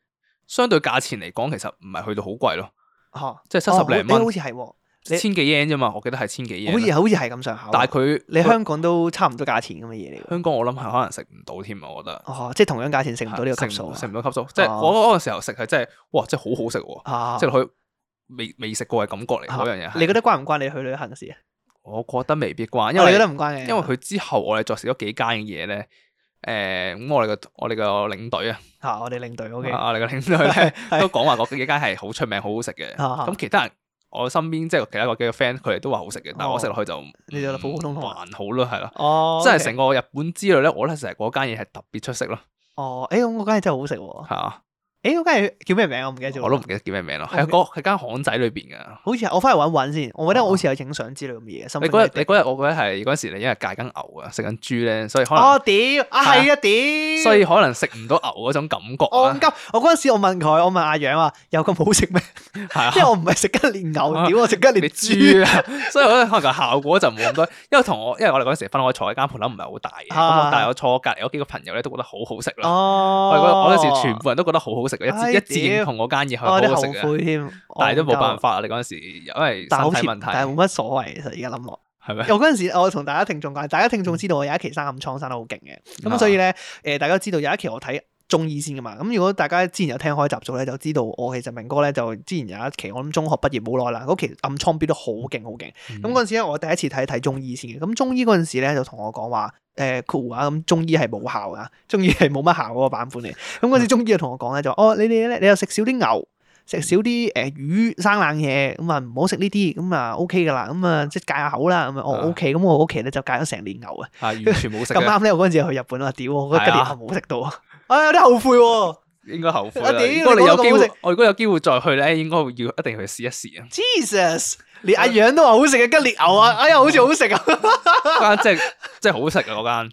相對價錢嚟講，其實唔係去到好貴咯。吓、哦，即係七十零蚊。你好似係。千幾 yen 啫嘛，我記得係千幾 yen 好似好似係咁上下。但係佢，你香港都差唔多價錢咁嘅嘢嚟。香港我諗係可能食唔到添啊，我覺得。哦，即係同樣價錢食唔到呢個級數，食唔到級數。即係我嗰個時候食係真係，哇！真係好好食喎。即係佢未未食過嘅感覺嚟嗰樣嘢。你覺得關唔關你去旅行事啊？我覺得未必關，因為你覺得唔關嘅。因為佢之後我哋再食咗幾間嘅嘢咧，誒咁我哋嘅我哋嘅領隊啊，嚇我哋領隊 OK，我哋嘅領隊咧都講話嗰幾間係好出名、好好食嘅。咁其他人。我身邊即係其他幾個 friend，佢哋都話好食嘅，但係我食落去就，哦嗯、你就普普通通，還好咯，係咯，哦 okay。真係成個日本之類咧，我咧成日嗰間嘢係特別出色咯。哦，誒、欸，咁嗰間嘢真係好食喎。係啊。誒，嗰間叫咩名我唔記得咗。我都唔記得叫咩名咯。係啊，喺間巷仔裏邊嘅。好似我翻去揾揾先。我覺得我好似有影相之類咁嘅嘢。你嗰日，你嗰日，我覺得係嗰陣時，你因為戒緊牛啊，食緊豬咧，所以可能。哦屌！啊係啊屌！所以可能食唔到牛嗰種感覺。我嗰陣時，我問佢，我問阿楊話：有咁好食咩？係啊，因為我唔係食緊連牛，屌我食緊連條豬啊！所以可能可能個效果就冇咁多。因為同我，因為我哋嗰陣時分開坐喺間鋪頭，唔係好大。但係我坐隔離有幾個朋友咧，都覺得好好食啦。哦！我嗰陣時，全部人都覺得好好食。食一字、哎、呀一支同嗰間嘢好好食添，啊、但係都冇辦法啊！你嗰陣時因為身體問題，但係冇乜所謂。其實而家諗落，係咪嗎？我嗰陣時我同大家聽眾講，大家聽眾知道我有一期生暗瘡生得好勁嘅，咁 所以咧誒、呃，大家都知道有一期我睇。中醫先噶嘛？咁如果大家之前有聽開集數咧，就知道我其實明哥咧就之前有一期我諗中學畢業冇耐啦。嗰期暗瘡標得好勁，好勁。咁嗰陣時咧，我第一次睇睇中醫先嘅。咁中醫嗰陣時咧就同我講話誒括弧啊，咁中醫係冇效噶，中醫係冇乜效嗰個版本嚟。咁嗰陣時中醫就同我講咧，就哦你哋咧，你又食少啲牛，食少啲誒魚生冷嘢，咁啊唔好食呢啲，咁啊 O K 噶啦，咁啊即戒下口啦。咁啊 O K，咁我屋企咧就戒咗成年牛啊，完全冇食。咁啱咧，我嗰陣時去日本啊，屌我覺得啲嘢冇食到啊～哎，有啲後悔，啊，應該後悔啦，啊。不過弟你有機會，我如果有機會再去咧，應該要一定要去試一試啊。Jesus，連阿羊都話好食嘅，啊、吉列牛啊， 哎呀，好似好食啊！嗰間 真係真係好食啊！嗰間，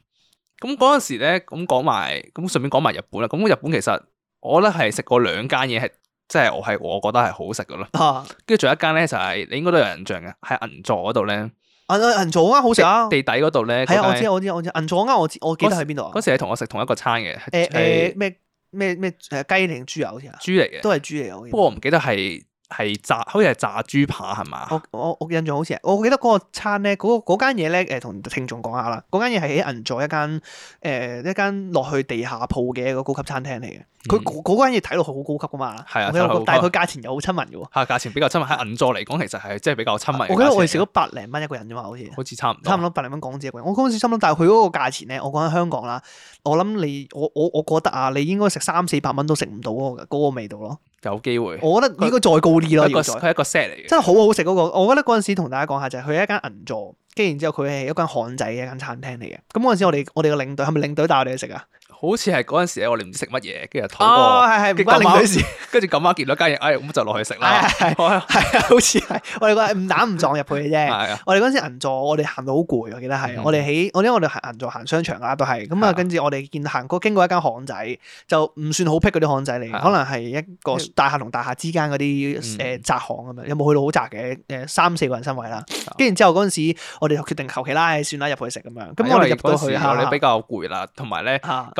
咁嗰陣時咧，咁講埋，咁順便講埋日本啦。咁日本其實我咧係食過兩間嘢係，即係我係我覺得係好食噶咯。跟住仲有一間咧就係，是，你應該都有印象嘅，喺銀座嗰度咧。銀銀，銀座啊，好食啊！地底嗰度咧，係 我知，我知，我知。銀座啊，我知，我記得喺邊度啊？嗰 時係同我食同一個餐嘅。誒誒咩咩咩誒雞定豬油先啊？好似豬嚟嘅，都係豬嚟嘅。不過我唔記得係。係炸，好似係炸豬扒，係嘛？我我印象好似，我記得嗰個餐咧，嗰間嘢咧，誒、呃、同聽眾講下啦。嗰間嘢係喺銀座一間誒、呃、一間落去地下鋪嘅一個高級餐廳嚟嘅。佢嗰、嗯、間嘢睇落去好高級噶嘛。啊，但係佢價錢又好親民嘅喎。嚇、啊、價錢比較親民喺銀座嚟講，其實係即係比較親民。我記得我哋食咗百零蚊一個人啫嘛，好似好似差唔差唔多百零蚊港紙一個人。我嗰陣時心諗，但係佢嗰個價錢咧，我講緊香港啦，我諗你我我我覺得啊，你，得你，得你應該食三四百蚊都食唔到嗰個味道咯。有機會，我覺得應該再高啲咯。佢一個 set 嚟嘅，真係好好食嗰個。我覺得嗰陣時同大家講下就係佢係一間銀座，跟住然之後佢係一間漢仔嘅一間餐廳嚟嘅。咁嗰陣時我哋我哋嘅領隊係咪領隊帶我哋去食啊？好似係嗰陣時咧，我哋唔知食乜嘢，跟住拖過。哦，係係唔關跟住咁啱見到間嘢，哎，咁就落去食啦。係係好似係我哋誤打誤撞入去嘅啫。我哋嗰陣時銀座，我哋行到好攰，我記得係。我哋喺我因為我哋行銀座行商場啦，都係咁啊。跟住我哋見行過經過一間巷仔，就唔算好僻。嗰啲巷仔嚟，可能係一個大廈同大廈之間嗰啲誒窄巷咁樣。有冇去到好窄嘅？三四個人身位啦。跟住之後嗰陣時，我哋決定求其啦，算啦，入去食咁樣。咁我哋入到去嚇。你比較攰啦，同埋咧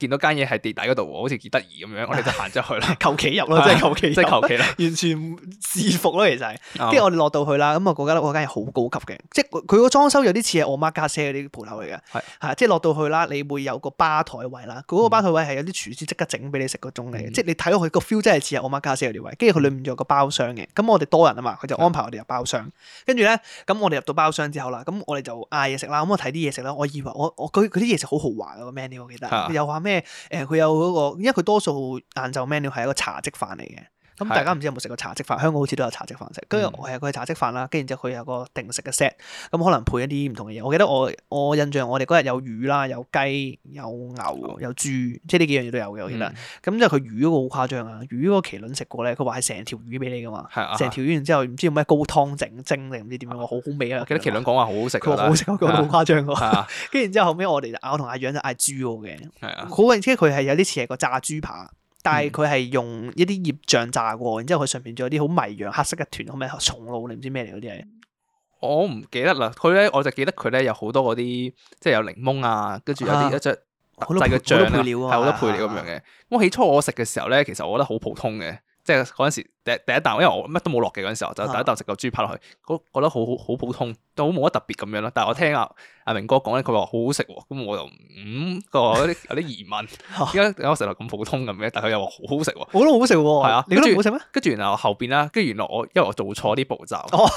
見到間嘢係地底嗰度，好似幾得意咁樣，我哋就行咗去啦。求其入咯，即係求其，即係求其啦。完全自服咯，其實係。跟住我哋落到去啦，咁我覺得嗰間嘢好高級嘅，即係佢個裝修有啲似係我媽家姐嗰啲鋪頭嚟嘅。係，即係落到去啦，你會有個吧台位啦，嗰個吧台位係有啲廚師即刻整俾你食嗰種嚟嘅，即係你睇到佢個 feel 真係似係我媽家姐嗰啲位。跟住佢裏面有個包廂嘅，咁我哋多人啊嘛，佢就安排我哋入包廂。跟住咧，咁我哋入到包廂之後啦，咁我哋就嗌嘢食啦，咁我睇啲嘢食啦。我以為我我佢佢啲嘢食好豪華嘅咩？誒佢、嗯、有嗰、那個因為佢多數晏晝 menu 係一個茶漬飯嚟嘅。咁大家唔知有冇食過茶漬飯？香港好似都有茶漬飯食。跟住、嗯，係佢係茶漬飯啦。跟住然之後佢有個定食嘅 set，咁可能配一啲唔同嘅嘢。我記得我我印象，我哋嗰日有魚啦，有雞，有牛，有豬，即係呢幾樣嘢都有嘅。我記得。咁即係佢魚嗰個好誇張啊！魚嗰個麒麟食過咧，佢話係成條魚俾你噶嘛，成條魚。然之後唔知用咩高湯整蒸定唔知點樣，啊、好好味啊！記得麒麟講話好好食，佢話好好食，佢話好誇張跟住、啊、 然之後後尾，我哋嗌我同阿羊就嗌豬嘅，好搵、啊，即係佢係有啲似係個炸豬扒。但係佢係用一啲醃醬炸過，然之後佢上面仲有啲好迷樣黑色嘅團，可唔係松露你唔知咩嚟嗰啲嘢？我唔記得啦。佢咧，我就記得佢咧有好多嗰啲，即係有檸檬啊，跟住有啲一隻細嘅醬啊，係好、啊、多配料咁、啊、樣嘅。我、啊啊、起初我食嘅時候咧，其實我覺得好普通嘅，即係嗰陣時第第一啖，因為我乜都冇落嘅嗰陣時候，就第一啖食嚿豬扒落去，啊、覺得好好好普通，都冇乜特別咁樣咯。但係我聽啊～阿明哥講咧，佢話好好食喎，咁我就嗯個有啲有啲疑問，依家啱啱食落咁普通咁嘅，但佢又話好好食喎，我都好食喎，係啊，你覺得好食咩？跟住然後後邊啦，跟住原來我因為我做錯啲步驟，哦，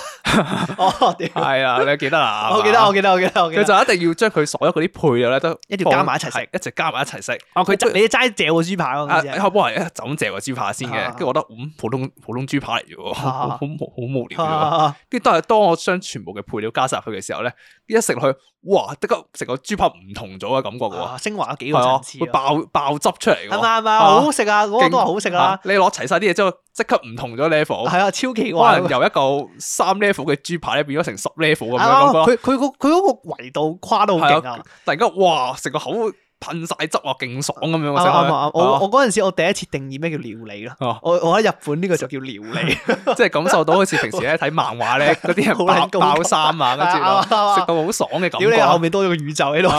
哦，係啊，你記得啦，我記得，我記得，我記得，我記得，佢就一定要將佢所有嗰啲配料咧都一定加埋一齊食，一齊加埋一齊食。哦，佢你齋借個豬扒咯，你後波係一就咁借個豬扒先嘅，跟住我覺得普通普通豬扒嚟啫喎，好無好無聊，跟住當當我將全部嘅配料加曬佢嘅時候咧。一食落去，哇！即刻成個豬扒唔同咗嘅感覺噶喎，升華咗幾個層次，啊、爆爆汁出嚟噶，係嘛係嘛，好食啊！我、啊、都話好食啊,啊！你攞齊晒啲嘢之後，即刻唔同咗 level，係啊，超奇怪！由一嚿三 level 嘅豬扒咧，變咗成十 level 咁樣。佢佢個佢嗰個維度跨得好勁啊！突然間，哇！成個口。噴晒汁啊，勁爽咁樣，我我我嗰陣時我第一次定義咩叫料理咯，我我喺日本呢個就叫料理，即係感受到好似平時咧睇漫畫咧嗰啲人爆爆衫啊，跟住食到好爽嘅感覺。料理後面多咗個宇宙喺度，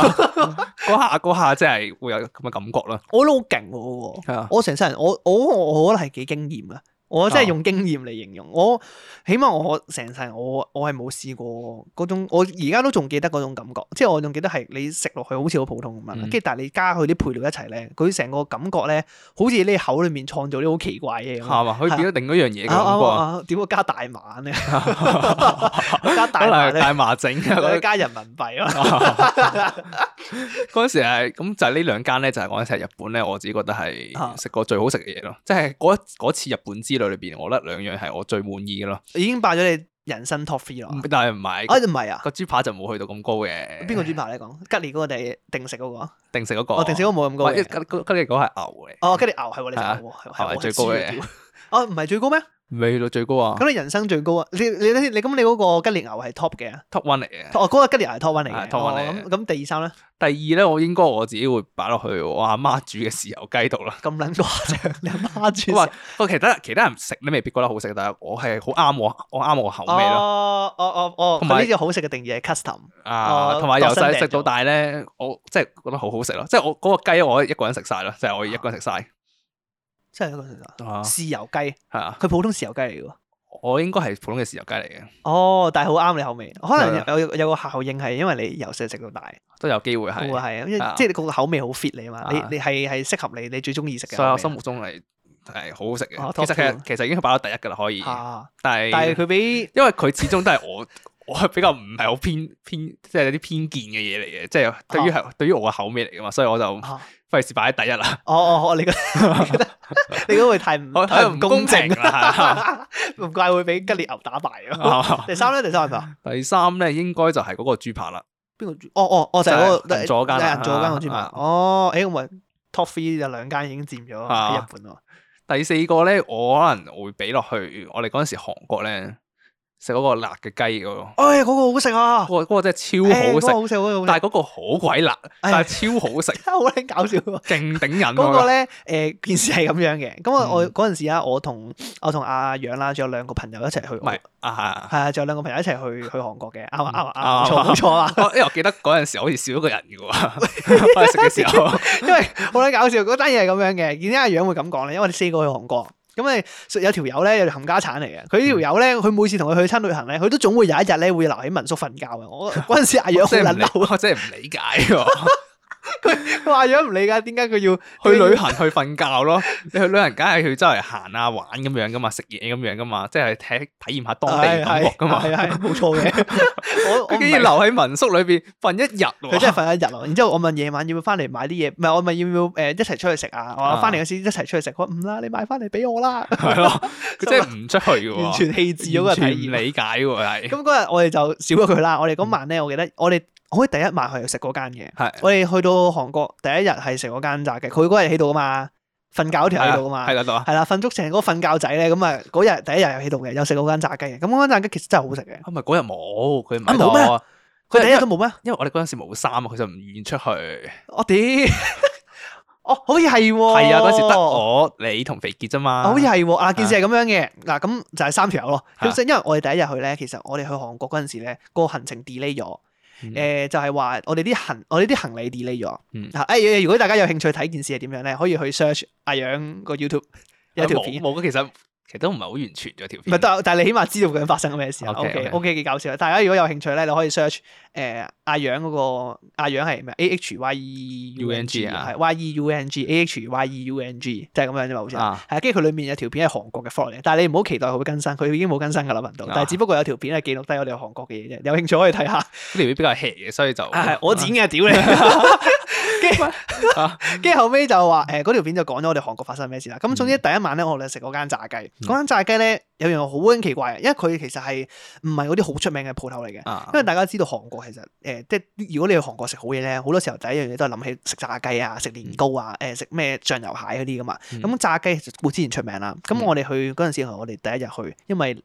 嗰下嗰下即係會有咁嘅感覺啦。我諗好勁喎，我成世人我我我覺得係幾驚艷啦。我真係用經驗嚟形容，我起碼我成世我我係冇試過嗰種，我而家都仲記得嗰種感覺，即係我仲記得係你食落去好似好普通咁樣，跟住但係你加佢啲配料一齊咧，佢成個感覺咧，好似你口裏面創造啲好奇怪嘅嘢，係嘛，佢變咗另一樣嘢嘅感覺啊！點會加大麻咧？加大麻整嘅， 加， 加人民幣啊！嗰陣 時係咁就係呢兩間咧，就係講起日本咧，我自己覺得係食過最好食嘅嘢咯，即係嗰嗰次日本之。裏邊，我覺得兩樣係我最滿意嘅咯。已經敗咗你人生 top three 咯，但係唔係，啊唔係啊，個豬、啊、扒就冇去到咁高嘅。邊個豬扒你講？吉列嗰個定定食嗰，那個、哦，定食嗰個，定食嗰個冇咁高。吉吉列嗰個係牛嚟。哦，吉列牛係，你講係咪最高嘅？哦，唔係最高咩？ 啊味道最高啊！咁你人生最高啊！你你你咁你嗰個吉列牛係 top 嘅，top one 嚟嘅。哦，嗰、嗰個吉列牛係 top one 嚟嘅。咁、哦、第二三呢、三咧？第二咧，我應該我自己會擺落去我阿媽煮嘅豉油雞度啦。咁卵誇張你阿媽煮？ 唔係，其他其他人食你未必覺得好食，但係我係好啱我，我啱我口味咯。我我我同埋呢啲好食嘅定義係 custom。哦哦、且啊，同埋由細食到大咧，嗯、我即係覺得好好食咯。即係、嗯嗯、我嗰、嗰個雞，我一個人食晒咯，就係、是、我一個人食晒。啊真係一個事實。啊、豉油雞係啊，佢普通豉油雞嚟嘅。我應該係普通嘅豉油雞嚟嘅。哦，但係好啱你口味，可能有有個效應係因為你由細食到大，都有機會係。係是啊，因為即係你個口味好 fit 你啊嘛，啊你你係係適合你，你最中意食嘅。所以我心目中係係好好食嘅，啊、其實其實已經係擺到第一噶啦，可以。啊、但係是但係佢畀，因為佢始終都係我。 我係比較唔係好偏偏，即係有啲偏見嘅嘢嚟嘅，即係對於係對於我嘅口味嚟嘅嘛，所以我就費事擺喺第一啦。哦哦，你覺得你覺得會太唔太唔公正啦，唔怪會俾吉列牛打敗啊。第三咧，第三個。第三咧，應該就係嗰個豬扒啦。邊個？哦哦我就係嗰個人做嗰間，做嗰間個豬扒。哦，誒，我話 top three 就兩間已經佔咗日本喎。第四個咧，我可能會俾落去我哋嗰陣時韓國咧。食嗰個辣嘅雞嗰個，哎，嗰個好食啊！嗰個嗰個真係超好食，但係嗰個好鬼辣，但係超好食，真係好撚搞笑，勁頂人嗰個咧，誒，件事係咁樣嘅。咁我我嗰陣時啊，我同我同阿羊啦，仲有兩個朋友一齊去，係啊係啊，係啊，仲有兩個朋友一齊去去韓國嘅，啱啊啱啊啱，錯錯啦，因為我記得嗰陣時好似少咗個人嘅喎翻去食嘅時候，因為好撚搞笑，嗰單嘢係咁樣嘅，然之後阿羊會咁講咧，因為我哋四個人去韓國。咁誒、嗯，有條友咧，又係冚家產嚟嘅。佢呢條友咧，佢每次同佢去親旅行咧，佢都總會有一日咧，會留喺民宿瞓覺嘅。我嗰陣時阿羊，好撚嬲喎， 我真係唔理，理解 佢話咗唔理解點解佢要去旅行 去瞓覺咯？你去旅行梗係去周圍行啊，玩咁樣噶嘛，食嘢咁樣噶嘛，即係體體驗下當地感覺噶嘛，係啊，冇錯嘅。我我竟然留喺民宿裏邊瞓一日，佢真係瞓一日啊！然之後我問夜晚要唔要翻嚟買啲嘢，唔係我問要唔要誒、呃、一齊出去食啊？啊我話翻嚟嗰時一齊出去食，佢話唔啦，你買翻嚟俾我啦，係咯，佢真係唔出去嘅， 完全棄置咗，個體驗， 理解喎係。咁嗰日我哋就少咗佢啦。我哋嗰晚咧，我記得我哋、嗯。我我去第一晚去食嗰間嘢。係是我哋去到韓國第一日係食嗰間炸雞嘅，佢嗰日喺度啊嘛，瞓覺條喺度啊嘛，喺嗰度啊，係啦，瞓足成個瞓覺仔咧，咁啊嗰日第一日又喺度嘅，又食嗰間炸雞嘅，咁嗰間炸雞其實真係好食嘅。咁係嗰日冇佢，冇咩、啊，佢它 第一日都冇咩，因為我哋嗰陣時冇衫啊，佢就唔願意出去。我屌、哦，我、 哦、好似係，係啊，當時得我你同肥杰啫嘛，好似係啊，件事係咁樣嘅。嗱咁、啊啊、就係三條友咯，因、啊、為、啊、因為我哋第一日去咧，其實我哋去韓國嗰陣時咧，個行程 delay 咗。誒、嗯呃、就係、是、話我哋啲行我呢啲行李 delay 咗。誒、嗯、如果大家有興趣睇件事係點樣咧，可以去 search 阿羊個 YouTube 有條片。冇嘅其實。其實都唔係好完全嗰條片，唔係都，但係你起碼知道佢發生咗咩事 O K O K，幾搞笑。大家如果有興趣咧，你可以 search，誒、呃，阿羊嗰、那個阿羊係咩？A H Y E U N, G, U N G 啊，係 Y E U N G A H Y E U N G 即係咁樣啫嘛，好似係。跟住佢裏面有條片係韓國嘅 Vlog 嚟，但係你唔好期待佢會更新，佢已經冇更新噶啦頻道。嗯、但係只不過有條片係記錄低我哋韓國嘅嘢啫，有興趣可以睇下。條片比較 h e 嘅，所以就係我剪嘅屌你。跟住，跟住 後尾就話，誒，嗰條片就講咗我哋韓國發生咩事啦。咁總之第一晚咧，我哋食嗰間炸雞，嗰間炸雞咧有樣好咁奇怪啊，因為佢其實係唔係嗰啲好出名嘅鋪頭嚟嘅。因為大家知道韓國其實，誒、呃，即係如果你去韓國食好嘢咧，好多時候第一樣嘢都係諗起食炸雞啊，食年糕啊，誒、呃，食咩醬油蟹嗰啲噶嘛。咁、嗯、炸雞其實冇之前出名啦。咁我哋去嗰陣時，我哋第一日去，因為。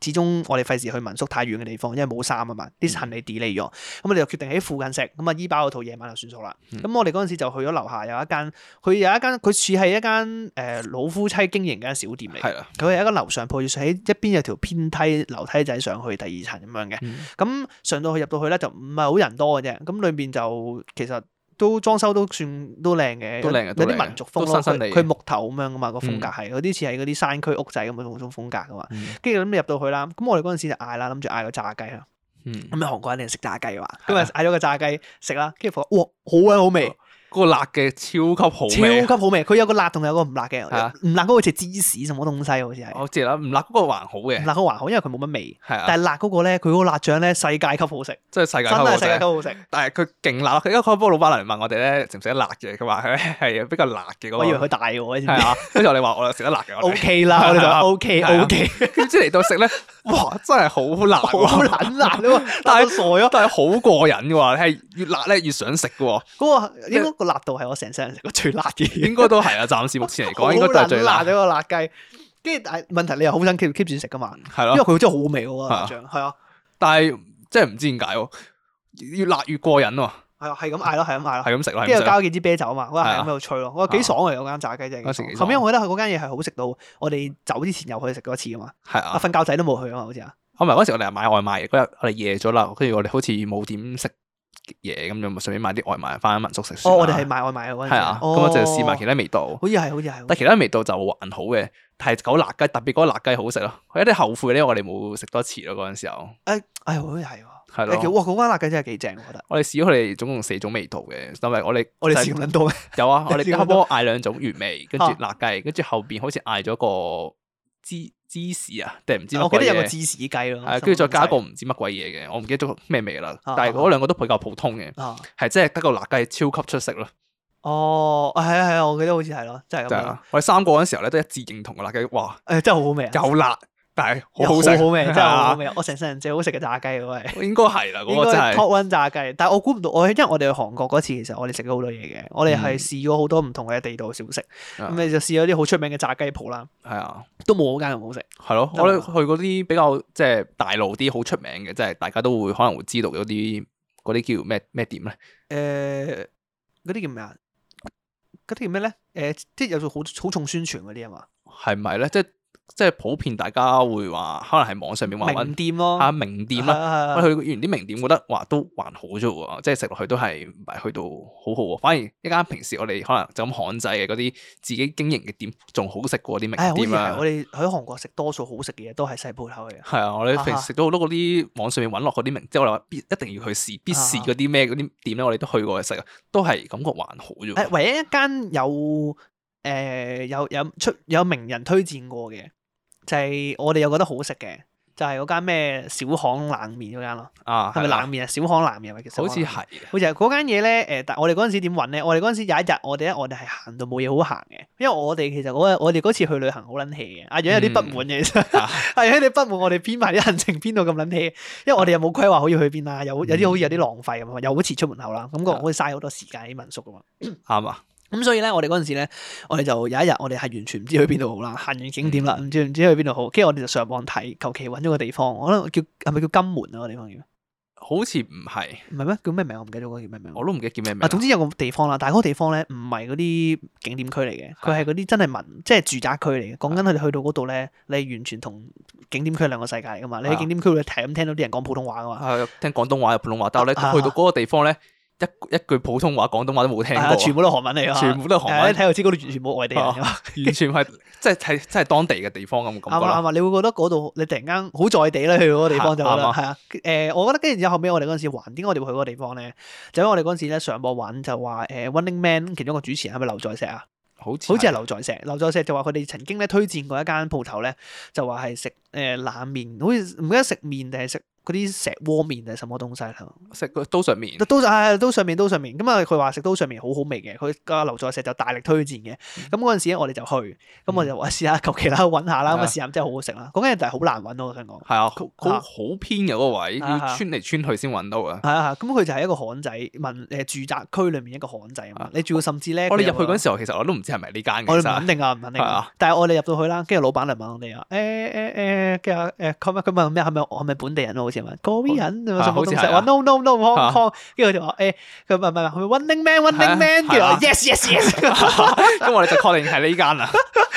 始終我哋費事去民宿太遠嘅地方，因為冇衫啊嘛，啲、嗯、行李 delay 咗，咁我哋就決定喺附近食，咁啊依包嗰套夜晚就算數啦。咁、嗯、我哋嗰陣時就去咗樓下有一間，佢有一間佢似係一間誒、呃、老夫妻經營嘅小店嚟。佢係的一個樓上鋪住喺一邊有條偏梯樓梯仔上去第二層咁樣嘅，咁、嗯嗯、上到去入到去咧就唔係好人多嘅啫，咁裏面就其實。都裝修都算都靚嘅，有啲民族風咯，佢木頭咁樣噶嘛，個、嗯、風格係，有啲似係嗰啲山區屋仔咁嘅種風格噶嘛。跟住咁你入到去啦，咁我哋嗰陣時就嗌啦，諗住嗌個炸雞啦。咁啊，韓國人哋食炸雞嘅話，咁啊嗌咗個炸雞食啦。跟住話，哇，好香、啊、好味。個辣嘅超級好，超級好味。佢有個辣同有個唔辣嘅，唔辣嗰個好似芝士什麼東西好似係。我知啦，唔辣嗰個還好嘅。唔辣嗰個還好，因為佢冇乜味。但係辣嗰個咧，佢嗰個辣醬咧，世界級好食。真係世界級好食。但係佢勁辣，因為嗰個老闆嚟問我哋咧，食唔食得辣嘅？佢話係係比較辣嘅。我以為佢大我，跟住我哋話我食得辣嘅。O K 啦，我哋就 O K O K。點知嚟到食咧，哇！真係好辣，好撚辣！但係傻咗。但係好過癮嘅。你係越辣咧越想食嘅。個應該。個辣度係我成世人食過最辣嘅，應該都係啊！暫時目前嚟講，應該都係最辣。嗰個辣雞，跟住但係問題，你又好想 keep keep 住食噶嘛？係咯，因為佢真係好好味喎，醬係啊。但係真係唔知點解，越辣越過癮啊！係啊，係咁嗌咯，係咁嗌咯，係咁食咯。跟住加咗幾支啤酒啊嘛，我喺度吹咯，我幾爽啊！有間炸雞啫，咁樣我覺得佢嗰間嘢係好食到，我哋走之前又去食過一次啊嘛。係啊，瞓覺仔都冇去啊嘛，好似啊。我唔係嗰時我哋係買外賣嗰日我哋夜咗啦，跟住我哋好似冇點食。嘢咁就順便買啲外賣翻民宿食，哦。我哋係買外賣啊，嗰陣的。係啊，哦，咁我就試埋其他味道。好似係，好似係。但其他味道就還好嘅，係狗辣雞特別嗰個辣雞好食咯。我有啲後悔咧，我哋冇食多次咯嗰陣時候。誒誒、哎，好似係。係咯。的哇，嗰間辣雞真係幾正，我覺得。我哋試咗佢哋總共四種味道嘅，但係我哋我哋試咁多咩？ 有啊，我哋吉卡波嗌兩種原味，跟住辣雞，跟住哈後邊好似嗌咗個芝。芝士啊，定唔知、啊？我記得有個芝士雞咯，係跟住再加一個唔知乜鬼嘢嘅，我唔記得咗咩味啦。啊、但係嗰兩個都比較普通嘅，係、啊、真係得個辣雞超級出色咯。哦，係啊係啊，我記得好似係咯，真係咁、就是。我哋三個嗰陣時候咧都一致認同個辣雞，哇！誒、欸，真係好好味，啊，又辣。但係好好食，好味真係好味。 我成世人最好食嘅炸雞，我係 應該係啦，嗰，那個真係 Top One 炸雞。但係我估唔到，我因為我哋去韓國嗰次，其實我哋食咗好多嘢嘅。我哋係試過好多唔同嘅地道小食，咁你，嗯，就試咗啲好出名嘅炸雞鋪啦。係啊，都冇嗰間咁好食。係咯，我哋去嗰啲比較即係大路啲，好出名嘅，即係大，大家都會可能會知道嗰啲啲叫咩咩店咧？誒、呃，嗰啲叫咩啊？嗰啲叫咩咧？誒、呃，即係有做好好重宣傳嗰啲啊嘛？係咪咧？即係。即係普遍大家會話，可能喺網上面話搵店咯，吓名店啦、啊。啊店啊、去完啲名店，覺得哇都還好啫喎，即係食落去都係唔係去到好好啊。反而一間平時我哋可能就咁巷仔嘅嗰啲自己經營嘅店，仲好食過啲名店、啊哎、我哋喺韓國食多數好食嘅嘢都係細鋪頭嘅係啊，我哋平時食咗好多嗰啲網上面搵落嗰啲名，即係我哋話必一定要去試，啊、必試嗰啲咩嗰啲店咧，我哋都去過去食，都係感覺還好啫、啊。唯一一間有誒、呃、有有出有名人推薦過嘅。就係我哋又覺得好食嘅，就係、是、嗰間咩小巷冷麵嗰間咯。啊，係咪冷麵啊小冷麵？小巷冷麵啊？麵好似係，好似係嗰間嘢咧。誒，但我哋嗰陣時點揾咧？我哋嗰陣時有一日，我哋咧，我哋係行到冇嘢好行嘅。因為我哋其實我我哋嗰次去旅行好撚 hea 嘅。阿、啊、楊有啲不滿嘅，其實係啊，你 不滿我哋編排啲行程編到咁撚 hea。因為我哋又冇規劃可以去邊啦，有有啲好似有啲浪費咁又好遲出門口啦，感覺好似嘥好多時間喺民宿㗎啱啊。咁所以咧，我哋嗰陣時咧，我哋就有一日，我哋係完全唔知去邊度好啦，行完景點啦，唔知唔知去邊度好，跟住、嗯、我哋就上網睇，求其揾咗個地方，我諗叫係咪叫金門啊個地方叫，好似唔係，唔係咩叫咩名我唔記得咗，叫咩名我都唔記得叫咩名。啊，總之有個地方啦，但係嗰個地方咧唔係嗰啲景點區嚟嘅，佢係嗰啲真係民即係住宅區嚟嘅。講緊佢哋去到嗰度咧，你完全同景點區兩個世界嚟噶嘛？你喺景點區會睇咁聽到啲人講普通話啊嘛，係聽廣東話、普通話，但係咧去到嗰個地方咧。一一句普通話、廣東話都冇聽過，全部都係韓文嚟㗎。全部都係韓文，睇又知嗰完全冇外地人，完全係 即係睇即係當地嘅地方咁 感覺啦。啱啊，啊，你會覺得嗰度你突然間好在地啦，去嗰個地方、啊、就覺得係啊。誒、啊吧啊，我覺得跟住之後，後尾我哋嗰陣時玩，點解我哋會去嗰個地方咧？就因、是、為我哋嗰陣時咧上網揾就話，誒、uh, Running Man 其中一個主持人係咪劉在石啊？好似好似係劉在石，劉在石，石就話佢哋曾經咧推薦過一間鋪頭咧，就話係食誒冷麵，好似唔記得食麵定係食。嗰啲石鍋麵定係什麼東西，食個刀削麵，刀削係係刀削麵，刀削麵咁啊！佢話食刀削麵好好味嘅，佢個劉在石就大力推薦嘅。咁嗰陣時我哋就去，咁我就話試下，求其啦，揾下啦，咁啊試下真係好好食啦。嗰間就係好難揾咯，香港係啊，好偏嘅嗰個位，穿嚟穿去先揾到啊。係啊，咁佢就係一個巷仔，民誒住宅區裏面一個巷仔啊。你住甚至咧，我哋入去嗰時候，其實我都唔知係咪呢間，我哋唔肯定啊，唔肯定。但係我哋入到去啦，跟住老闆嚟問我哋啊，誒誒誒，跟住誒 c o m 佢問咩？係咪係咪本地人啊？好似個位人做乜東西？我 no no no CALL，Kong，跟住佢就話：誒、欸，佢唔係唔係，佢 Running Man Running Man，跟住話：Yes Yes Yes。咁 我哋就確定係呢間啦、啊。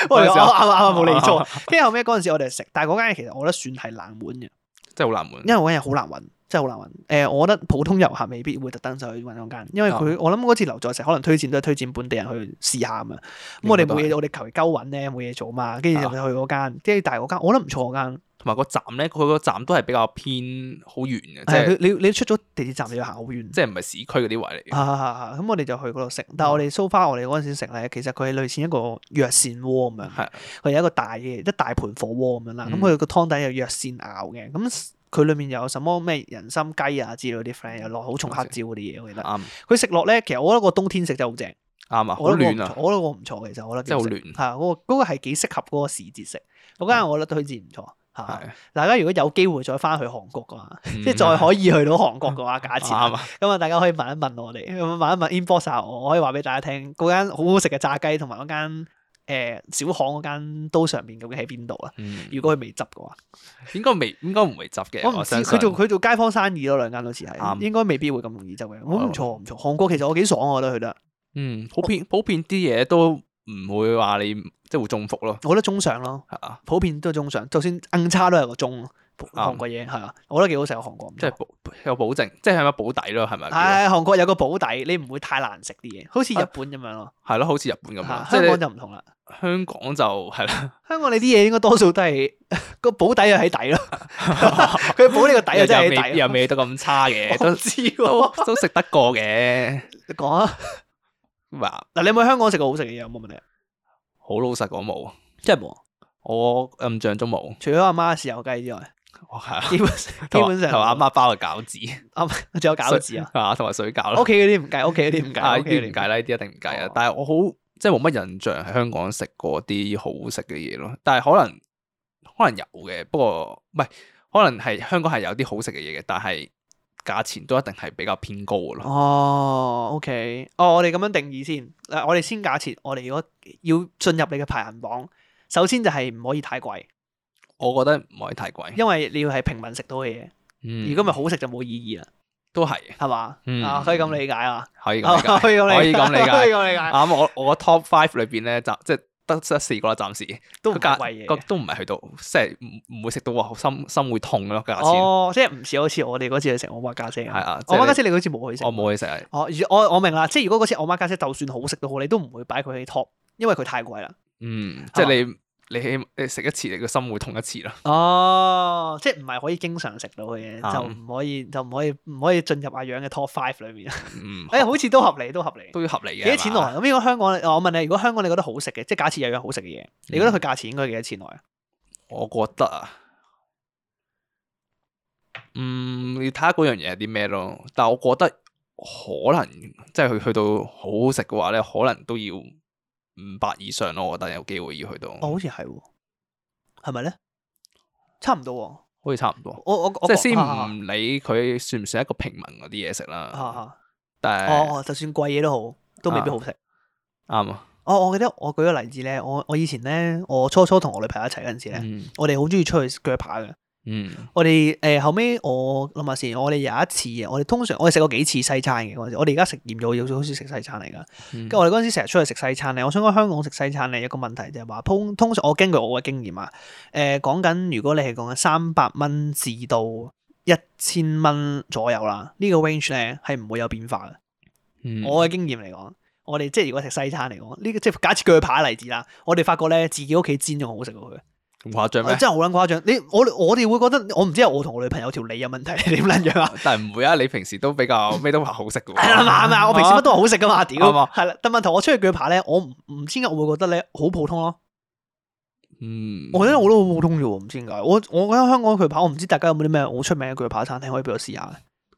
我哋啱啱冇理錯。跟住後尾嗰陣時，我哋食，但係嗰間其實我覺得算係冷門嘅，真係好冷門，因為嗰間嘢好難揾。真係好難揾、呃、我覺得普通遊客未必會特登就去揾嗰間，因為佢、嗯、我諗嗰次留在食，可能推薦都係推薦本地人去試下咁啊。咁、嗯、我哋冇嘢，是我哋求其鳩揾咧冇嘢做嘛，跟住就去嗰間，即係、啊、大嗰間，我覺得唔錯嗰間。同埋個站咧，佢個站都係比較偏好遠嘅，即、就、係、是、 你你出咗地鐵站你要行好遠。即係唔係市區嗰啲位嚟？啊咁、 嗯嗯、我哋就去嗰度食。但係我哋 search 我哋嗰陣時食咧，其實佢係類似一個藥膳鍋咁樣，佢有一個大嘅一大盤火鍋咁樣啦。咁佢個湯底有藥膳熬嘅咁。嗯嗯佢裏面有什麼咩人參雞啊之類啲 friend，又落好重黑椒嗰啲嘢，我記得。佢食落咧，其實我覺得個冬天食就好正。啱啊。好暖啊。我覺得我唔錯其實我覺得。真係好暖。係啊，嗰個嗰個係幾適合嗰個時節食。嗰間我覺得推薦唔錯。係。對大家如果有機會再翻去韓國嘅話，吧即係再可以去到韓國嘅話，價錢，咁啊吧大家可以問一問我哋，問，問 in 一問 inbox 我可以話俾大家聽，嗰間好好食嘅炸雞同埋嗰間。誒、呃、小巷嗰間刀上面究竟喺邊度啊？嗯、如果佢未執嘅話應，應該未應該唔會執嘅。佢做佢做街坊生意咯，兩間都似係啱。對 應該未必會咁容易執嘅。哦、我唔錯唔錯。韓國其實我幾爽我覺得佢得。嗯，普遍我普遍啲嘢都唔會話你即係會中伏咯。我覺得中上咯，普遍都係中、啊、中上，就算硬叉都係個中。韓國嘢係啊，我覺得幾好食個韓國。即係有保證，即係有乜保底咯，係咪？係係，韓國有個保底，你唔會太難食啲嘢，好似日本咁樣咯。係咯，好似日本咁。香港就唔同啦。香港就係啦。香港你啲嘢應該多數都係個保底又喺底咯。佢保呢個底又真係又未到咁差嘅，都知，都食得過嘅。你講啊，嗱，你有冇香港食過好食嘅嘢有冇問你？好老實講冇，真係冇。我印象中冇，除咗阿媽豉油雞之外。係，哦啊、基本上同阿媽包嘅餃子，啊仲有餃子啊，同埋水餃咯。屋企嗰啲唔計，屋企嗰啲唔計，屋企唔計啦，呢啲一定唔計啊。但係我好即係冇乜印象喺香港食過啲好食嘅嘢咯。但係可能可能有嘅，不過唔係，可能係香港係有啲好食嘅嘢嘅，但係價錢都一定係比較偏高噶咯。哦，OK，哦，我哋咁樣定義先。嗱，我哋先假設，我哋如果要進入你嘅排行榜，首先就係唔可以太貴。我覺得唔可以太貴，因為你要係平民食到嘅嘢。如果唔係好食就冇意義啦。都係，係嘛？啊，可以咁理解啊？可以咁理解，可以咁理解。啱，我我 top five 裏邊咧,就即係得得四個啦，暫時都唔貴嘢，都唔係去到即係唔唔會食到心心會痛咯。價錢哦，即係唔似好似我哋嗰次去食我媽家姐。係啊，我媽家姐你好似冇去食。我冇去食。哦，係我我明啦，即係如果嗰次我媽家姐就算好食都好，你都唔會擺佢喺 top，因為佢太貴啦。嗯，即係你。你起，你食一次你個心會痛一次咯。哦，即係唔係可以經常食到嘅嘢，嗯、就唔可以，就唔可以，唔可以進入阿羊嘅 Top Five 裏面。嗯， 哎，好似都合理，都合理，都要合理嘅。幾多錢內？咁如果香港，我問你，如果香港你覺得好食嘅，即係假設有樣好食嘅嘢，嗯、你覺得佢價錢應該幾多錢內啊？我覺得啊，嗯，你睇下嗰樣嘢係啲咩咯。但係我覺得可能，即係去去到好好食嘅話咧，可能都要。五百以上咯，我覺得有機會要去到。我、哦、好似係、哦，係咪咧？差唔多、哦、多，好似差唔多。我我即係先唔理佢算唔算一個平民嗰啲嘢食啦。啊啊、但係是，哦，就算貴嘢都好，都未必好食。啱啊。我、啊哦、我記得我舉個例子咧，我我以前咧，我初初同我女朋友一齊嗰陣時咧，嗯、我哋好中意出去鋸扒嘅。嗯，我哋誒、呃、後尾我諗下先，我哋有一次嘅，我哋通常我哋食過幾次西餐嘅，我哋我哋而家食厭咗，好少食西餐嚟噶。跟住、嗯、我哋嗰陣時成日出去食西餐咧，我想講香港食西餐咧，一個問題就係話，通通常我根據我嘅經驗啊，誒講緊如果你係講緊三百蚊至到一千蚊左右啦，呢、呢個 range 咧係唔會有變化嘅、嗯。我嘅經驗嚟講，我哋即係如果食西餐嚟講，呢即係假設鋸扒例子啦，我哋發覺咧自己屋企煎仲好食過佢。咁誇張咩？真係好撚誇張！你我我哋會覺得我唔知係我同我女朋友條脷有問題，點捻樣啊？但係唔會啊！你平時都比較咩都話好食嘅，啊。係 啊嘛，係嘛，我平時乜都話好食噶嘛，屌，係啦。但係問題我出去鋸扒咧，我唔唔知點解我會覺得咧好普通咯。嗯，我覺得我都好普通嘅，唔知點解。我我覺得香港鋸扒，我唔知大家有冇啲咩好出名嘅鋸扒餐廳可以俾我試下？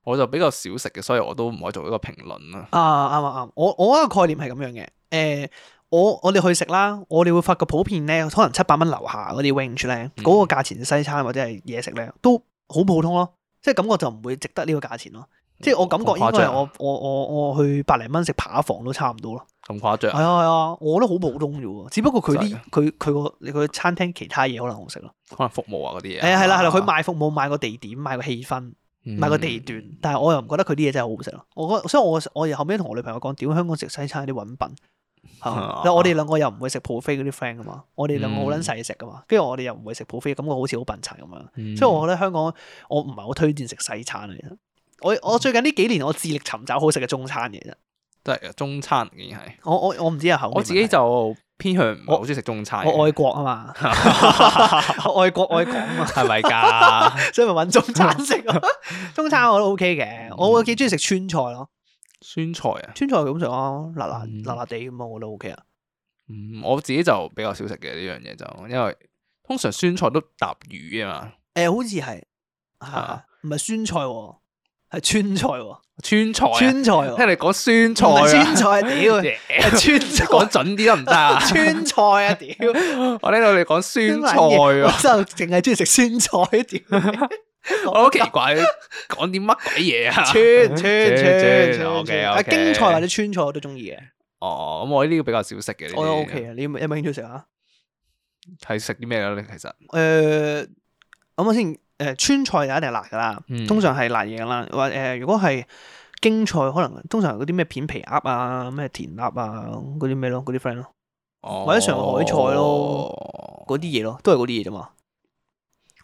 我就比較少食嘅，所以我都唔可以做一個評論啦。啊，啱啊啱！我我個概念係咁樣嘅，誒、呃。我我哋去食啦，我哋會發覺普遍咧，可能七百蚊樓下嗰啲 wing 咧，嗰個價錢西餐或者係嘢食咧，都好普通咯。即係感覺就唔會值得呢個價錢咯。即係我感覺應該係我我我我去百零蚊食扒房都差唔多咯。咁誇張？係啊係啊，我都好普通啫喎。只不過佢啲佢佢個佢個餐廳其他嘢可能好食咯。可能服務啊嗰啲嘢。係啊係啦係啦，佢賣服務賣個地點賣個氣氛賣個地段，但係我又唔覺得佢啲嘢真係好好食咯。我覺所以我我後尾同我女朋友講，點香港食西餐啲揾品。Oh, 嗯、我哋兩個又唔會食 buffet 嗰啲 friend 噶嘛，我哋兩個好撚細食噶嘛，跟住、嗯、我哋又唔會食 buffet，感覺好似好笨柒咁樣，嗯、所以我覺得香港我唔係好推薦食西餐嘅。我我最近呢幾年我致力尋找好食嘅中餐嘅啫。都係啊，中餐竟然係我我我唔知啊，我自己就偏向我好中意食中餐我，我愛國啊嘛， 愛國愛港啊嘛，係咪㗎？所以咪揾中餐食咯， 中餐我都 OK 嘅，我幾中意食川菜咯。嗯 酸菜啊！酸菜咁食啊，辣辣辣辣地咁我覺得 OK 啊。嗯，我自己就比較少食嘅呢樣嘢，就因為通常酸菜都搭魚啊嘛。誒、呃，好似係，唔係酸菜，係川菜。川菜。川菜。聽你講酸菜。川菜，屌！川菜，講準啲都唔得啊！川菜啊，屌！我聽到你講酸菜，之後淨係中意食酸菜，屌！ 我好 奇怪，講啲乜鬼嘢啊？川川川，OK 京菜或者川菜我都中意嘅。哦，咁我呢個比較少食嘅。我都、哦、OK 啊，你有冇興趣食啊？係食啲咩咧？其實誒，諗下、呃、先。誒、呃，川菜就一定係辣噶啦，嗯、通常係辣嘢啦。或誒、呃，如果係京菜，可能通常嗰啲咩片皮鴨啊、咩田鴨啊，嗰啲咩咯，嗰啲 friend 咯，哦、或者上海菜咯，嗰啲嘢咯，都係嗰啲嘢啫嘛。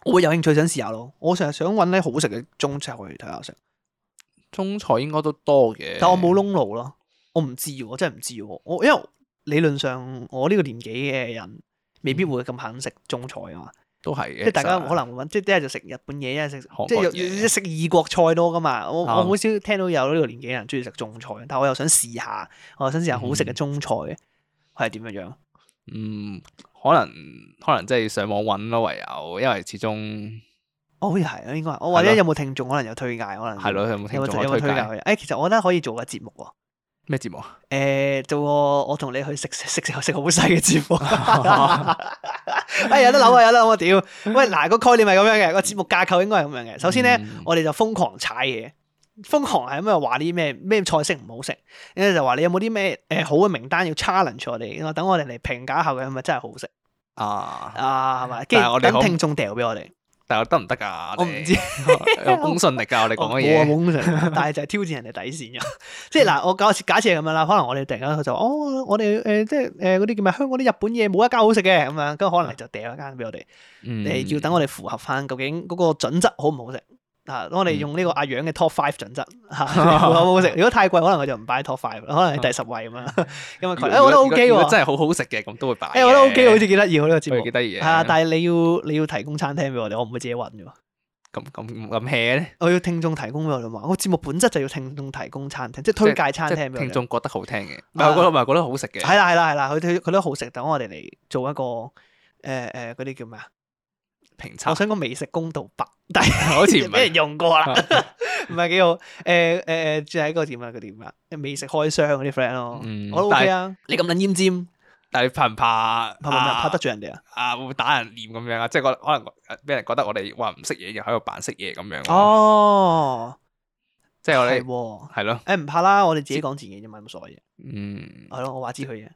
我會有興趣想試下咯。我成日想揾啲好食嘅中菜去睇下食。中菜應該都多嘅，但我冇窿路咯。我唔知喎，我真係唔知喎。我因為理論上我呢個年紀嘅人未必會咁肯食中菜啊、嗯、嘛。都係，即係大家可能即係一係就食日本嘢，一係食韓國即係食異國菜多噶嘛。我、哦、我好少聽到有呢個年紀嘅人中意食中菜，但我又想試下我想試下好食嘅中菜係點樣樣。嗯。嗯，可能可能真係上網揾，咯，唯有因為始終，哦，好似係啊，應該我或者有冇聽眾可能有推介，可能係咯，有冇聽眾有，有，有，有推介？誒銷，其實我覺得可以做個節目喎，咩節目啊？誒、欸，做個我同你去食食食食好細嘅節目，哎，有得諗啊，有得諗啊，屌、啊！喂，嗱，個概念係咁樣嘅，個節目架構應該係咁樣嘅。首先呢，嗯、我哋就瘋狂踩嘢。瘋狂係咁又話啲咩咩菜式唔好食，咁咧就話、是、你有冇啲咩誒好嘅名單要 challenge 我哋，等我哋嚟評價下佢係咪真係好食啊，啊係嘛，嗯、我跟住等聽眾掉俾我哋，但係得唔得噶？我唔知、 哦、有公信力噶， 我哋講嘅嘢，我冇公信力，但係就係挑戰人哋底線咁， 即係嗱、啊，我假設假設係咁樣啦，可能我哋突然間佢就哦，我哋誒即係誒嗰啲叫咩？香港啲日本嘢冇一間好食嘅咁啊，咁可能就掉一間俾我哋，你、嗯、要等我哋符合翻究竟嗰個準則好唔好食？我哋、嗯、用呢個阿羊嘅 Top Five 準則好好食？ 如果太貴，可能我就唔擺 Top Five，可能喺第十位咁樣。因為佢，我覺得 O K 喎。如果真係好好食嘅，咁都會擺、哎。我覺得 O K，好似幾得意。我、這、呢個節目幾得意嘅。係啊，但係你要你要提供餐廳俾我哋，我唔會自己揾嘅。咁咁咁 hea 咧？我要聽眾提供俾我哋嘛。我節目本質就要聽眾提供餐廳，即係是推介餐廳俾我。聽眾覺得好聽嘅，唔係我覺得唔係覺得好食嘅。係啦係啦係啦，佢佢覺得好食，等我哋嚟做一個誒誒嗰啲叫咩啊？我想講美食公道白，但係好似唔俾人用過啊，唔係幾好。誒誒誒，仲係一個點啊？佢點啊？美食開箱嗰啲 friend 咯，我都 OK 啊。你咁捻奄尖，但係怕唔怕？怕唔怕拍得住人哋啊？啊，會打人臉咁樣啊？即係可能，誒，俾人覺得我哋話唔識嘢，又喺度扮識嘢咁樣。哦，即係我哋？係咯。誒，唔怕啦，我哋自己講自己啫嘛，冇所謂嘅。嗯，係咯，我話知佢嘅。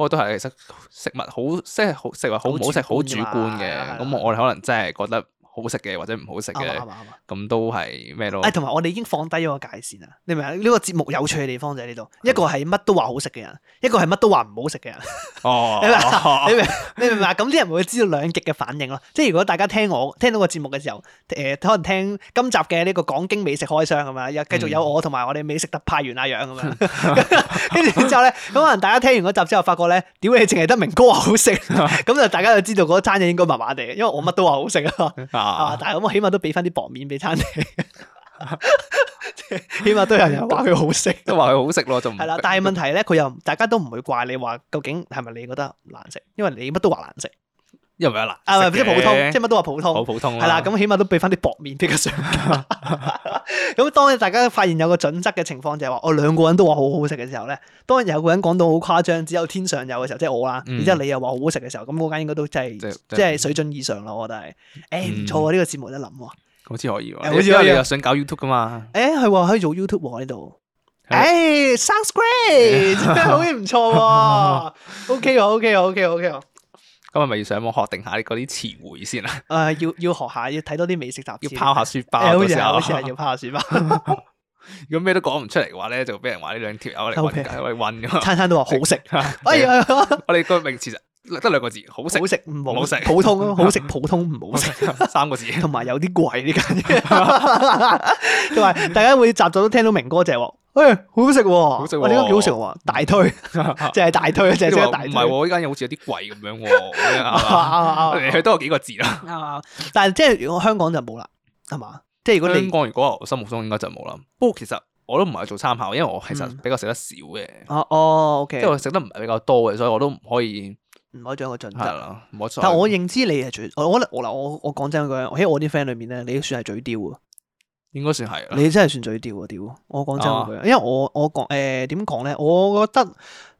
我都係，其實食物好即係好食物好唔好食，好主觀嘅，咁我哋可能真係覺得。好食嘅或者唔好食嘅，咁都係咩咯？誒，同埋我哋已經放低咗個界線啦。你明唔明啊？呢個節目有趣嘅地方就喺呢度，一個係乜都話好食嘅人，一個係乜都話唔好食嘅人。
哦，你明？你
明？你明唔明啊？咁啲人會知道兩極嘅反應咯。即係如果大家聽我聽到個節目嘅時候，誒，可能聽今集嘅呢個講經美食開箱咁樣，又繼續有我同埋我哋美食特派員阿羊咁樣。跟住之後咧，咁可能大家聽完嗰集之後，發覺咧，屌你淨係得明哥話好食，咁就大家就知道嗰餐嘢應該麻麻地，因為我乜都話好食啊。啊！啊但係咁，我起碼都俾翻啲薄面俾餐廳，起碼都有人話佢好食， 都話佢好食咯，仲係啦。但係問題咧，佢 又大家都唔會怪你話，究竟係咪你覺得難食？因為你乜都話難食。因為咩啦？啊，即普通，即係乜都話普通，好普通啦。係啦，咁起碼都俾翻啲薄面俾個相。咁當然大家發現有個準則嘅情況就係話，我兩個人都話好好食嘅時候咧，當然有個人講到好誇張，只有天上有嘅時候，即係我啦。然之後你又話好好食嘅時候，咁嗰間應該都真係即係水準以上咯。我覺得係誒唔錯啊！呢個節目一諗，好似可以喎。然之後又想搞 YouTube 噶嘛？誒，係可以做 YouTube 喎呢度。誒，sounds great 好似唔錯喎。OK，OK，OK。今日咪要上網學定下啲嗰啲詞彙先啊！誒，要要學下，要睇多啲美食雜誌。要拋下書包嘅時候，好似好似係要拋下書包。如果咩都講唔出嚟嘅話咧，就俾人話呢兩條友嚟混，嚟混。餐餐都話好食，哎呀。我哋個名詞其實得兩個字，好食，好食，唔好食，普通咯。好食普通好食普通唔好食，三個字。同埋有啲貴呢間店。同埋大家會集咗都聽到明哥只誒，好食喎！呢間幾好食喎，大推，淨係大推，淨係大推唔係喎，呢間嘢好似有啲貴咁樣喎。你去都有幾個字啦。啱，但係即係如果香港就冇啦，係嘛？即係如果你香港，如果我心目中應該就冇啦。不過其實我都唔係做參考，因為我其實比較食得少嘅。啊哦，OK。即係我食得唔係比較多嘅，所以我都唔可以唔可以做一個準則咯。冇錯。但我認知你係最，我我覺得我啦，我我講真句，喺我啲 friend 裏面咧，你都算係最刁啊。應該算係啊，你真係算嘴刁啊。屌，我講真，因為我我講誒點講咧，我覺得誒、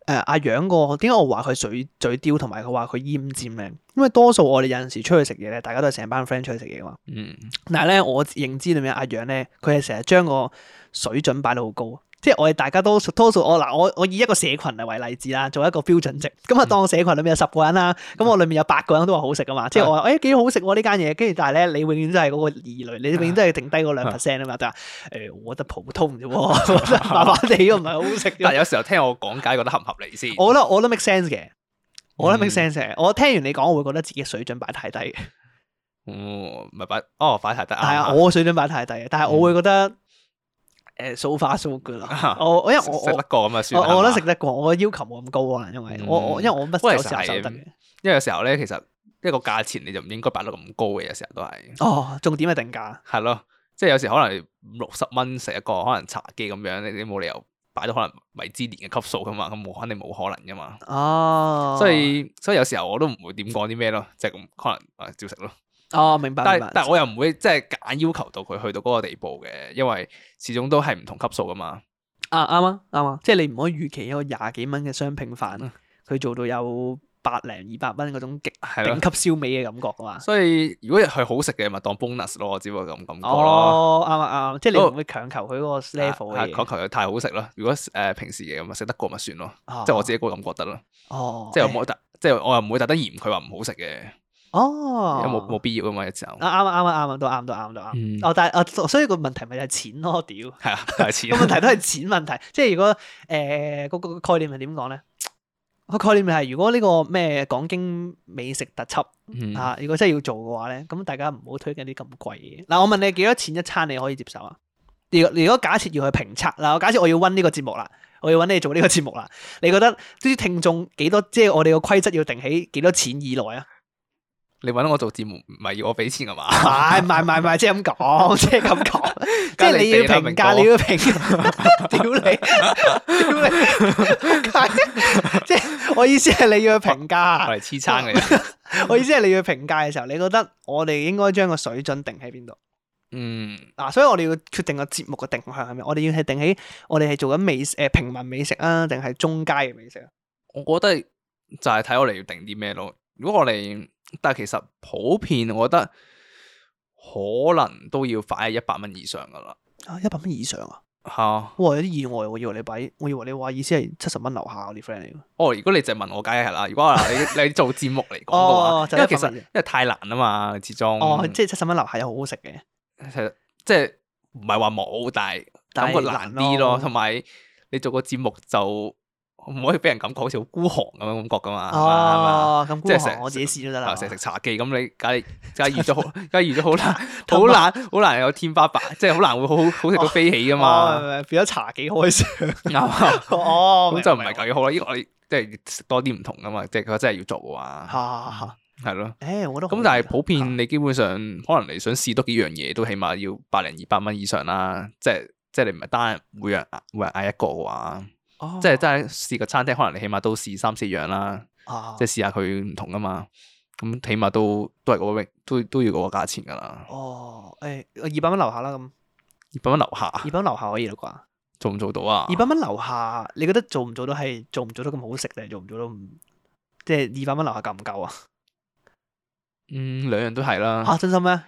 呃、阿楊個點解我話佢嘴嘴刁，同埋佢話佢奄尖咧，因為多數我哋有陣時出去食嘢咧，大家都係成班 friend 出去食嘢嘛。嗯，但係咧我認知裏面阿楊咧，佢係成日將個水準擺到好高。即係我哋大家都多數我嗱我我以一個社群嚟為例子啦，做一個標準值咁啊，當社群裏面有十個人啦，咁我裏面有八個人都話好食噶嘛，即係我話，誒幾好食呢間嘢，跟住但係咧，你永遠都係嗰個異類，你永遠都係墊底嗰兩 percent 啊嘛，就誒我覺得普通啫，麻麻地又唔係好食。但係有時候聽我講解覺得合唔合理先？我都我都 make sense 嘅，我都 make sense 嘅。我聽完你講，我會覺得自己水準擺太低。嗯，唔係擺哦，擺太低。係啊，我水準擺太低，但係我會覺得。誒 so far so good 啊、oh, 食！我我因為我食得過咁啊，算我吧我覺得食得過，我嘅要求冇咁高啊，因為我我、嗯、因為我乜嘢時因為有時候咧，其實一個價錢你就唔應該擺得咁高嘅，oh, 有時候都係。哦，重點係定價。係咯，即係有時可能六十蚊食一個可能茶記咁樣，你你冇理由擺到可能米芝蓮嘅級數噶嘛，咁冇肯定冇可能噶嘛。哦。Oh. 所以所以有時候我都唔會點講啲咩咯，即係咁可能誒照食咯。哦，明白，但係但係我又唔會即係夾硬要求到佢去到嗰個地步嘅，因為始終都係唔同級數噶嘛。啊，啱啊，啱啊，即係你唔可以預期一個廿幾蚊嘅雙拼飯，佢做到有百零二百蚊嗰種極頂級燒味嘅感覺噶嘛。所以如果係好食嘅，咪當 bonus 咯，只不過咁感覺咯。哦，啱啊，啱啊，即係你唔會強求佢嗰個 level 嘅嘢，強求又太好食咯。如果誒平時嘅，咁咪食得過咪算咯，即係我自己個咁覺得咯。哦，即係唔好得，即係我又唔會特登嫌佢話唔好食嘅。哦，冇冇必要咁嘛，一早啊啱啊啱啊啱啊，都啱都啱都啱。哦、嗯，但係啊，所以個問題咪就係錢咯，屌係啊，係個 salary 問題都係錢問題。即係如果誒、呃那個概念係點講咧？個概念咪係如果呢個咩講經美食特輯啊，如果真係要做嘅話咧，咁大家唔好推介啲咁貴嘅。嗱，我問你幾多錢一餐你可以接受啊？如果如果假設要去評測嗱，假設我要搵呢個節目啦，我要搵你做呢個節目啦，你覺得啲聽眾幾多？即係我哋個規則要定喺幾多錢以內啊？你搵我做節目，唔係要我俾錢噶嘛？唔係唔係唔係，就是、 即係咁講，即係咁講，
即係你要評價， 你要
評價，屌 你，屌你，即係我意思係你要去評價。我係黐餐嘅人。我意思係你要評價嘅時候，你覺得我哋應該將個水準定喺邊度？嗯，嗱、啊，所以我哋要決定個節目嘅定向係咩？我哋要係定喺我哋係做緊美食誒、呃、平民美食啊，定係中階嘅美食啊？我覺得就係睇我哋要定啲咩咯。如果我哋，但係其實普遍，我覺得可能都要擺喺一百蚊以上噶啦。啊，一百蚊以上啊？吓、哦，哇，有啲意外，我以為你擺，我以為你話意思係七十蚊樓下嗰啲 friend 嚟。哦，如果你淨係問我，梗係啦。如果你你，你做節目嚟講嘅話， 哦哦就是、因為其實因為太難啊嘛，始終。哦，即係七十蚊樓下有好好食嘅。其實即係唔係話冇，但係感覺難啲咯。同埋你做個節目就。唔可以俾人感覺好似好孤寒咁樣感覺噶嘛，即係成我自己試都得啦。成日食茶記咁你，梗係梗係預咗，梗係預咗好難，好難好難有天花板，即係好難會好好好食到飛起噶嘛，變咗茶記好嘅事。啱啊，
哦，就唔係
咁好啦，因為我哋即係食多啲唔同噶嘛，即係佢真係要做嘅話，係咯。誒，我覺得咁，但係普遍你基本上可能你想試多幾樣嘢，都起碼要百零二百蚊以上啦。即係即係你唔係單每人每人嗌一個嘅話。哦、即係真係試個餐廳，可能你起碼都試三四樣啦，哦、即係試下佢唔同噶嘛。咁起碼都都係、嗰個都都要個價錢噶啦。哦，誒、哎，二百蚊樓下啦，咁二百蚊樓下，二百蚊樓下可以啦啩？做唔做到啊？二百蚊樓下，你覺得做唔做到係做唔做到咁好食定係做唔做到即係二百蚊樓下夠唔夠啊？嗯，兩樣都係啦。吓、啊，真心咩？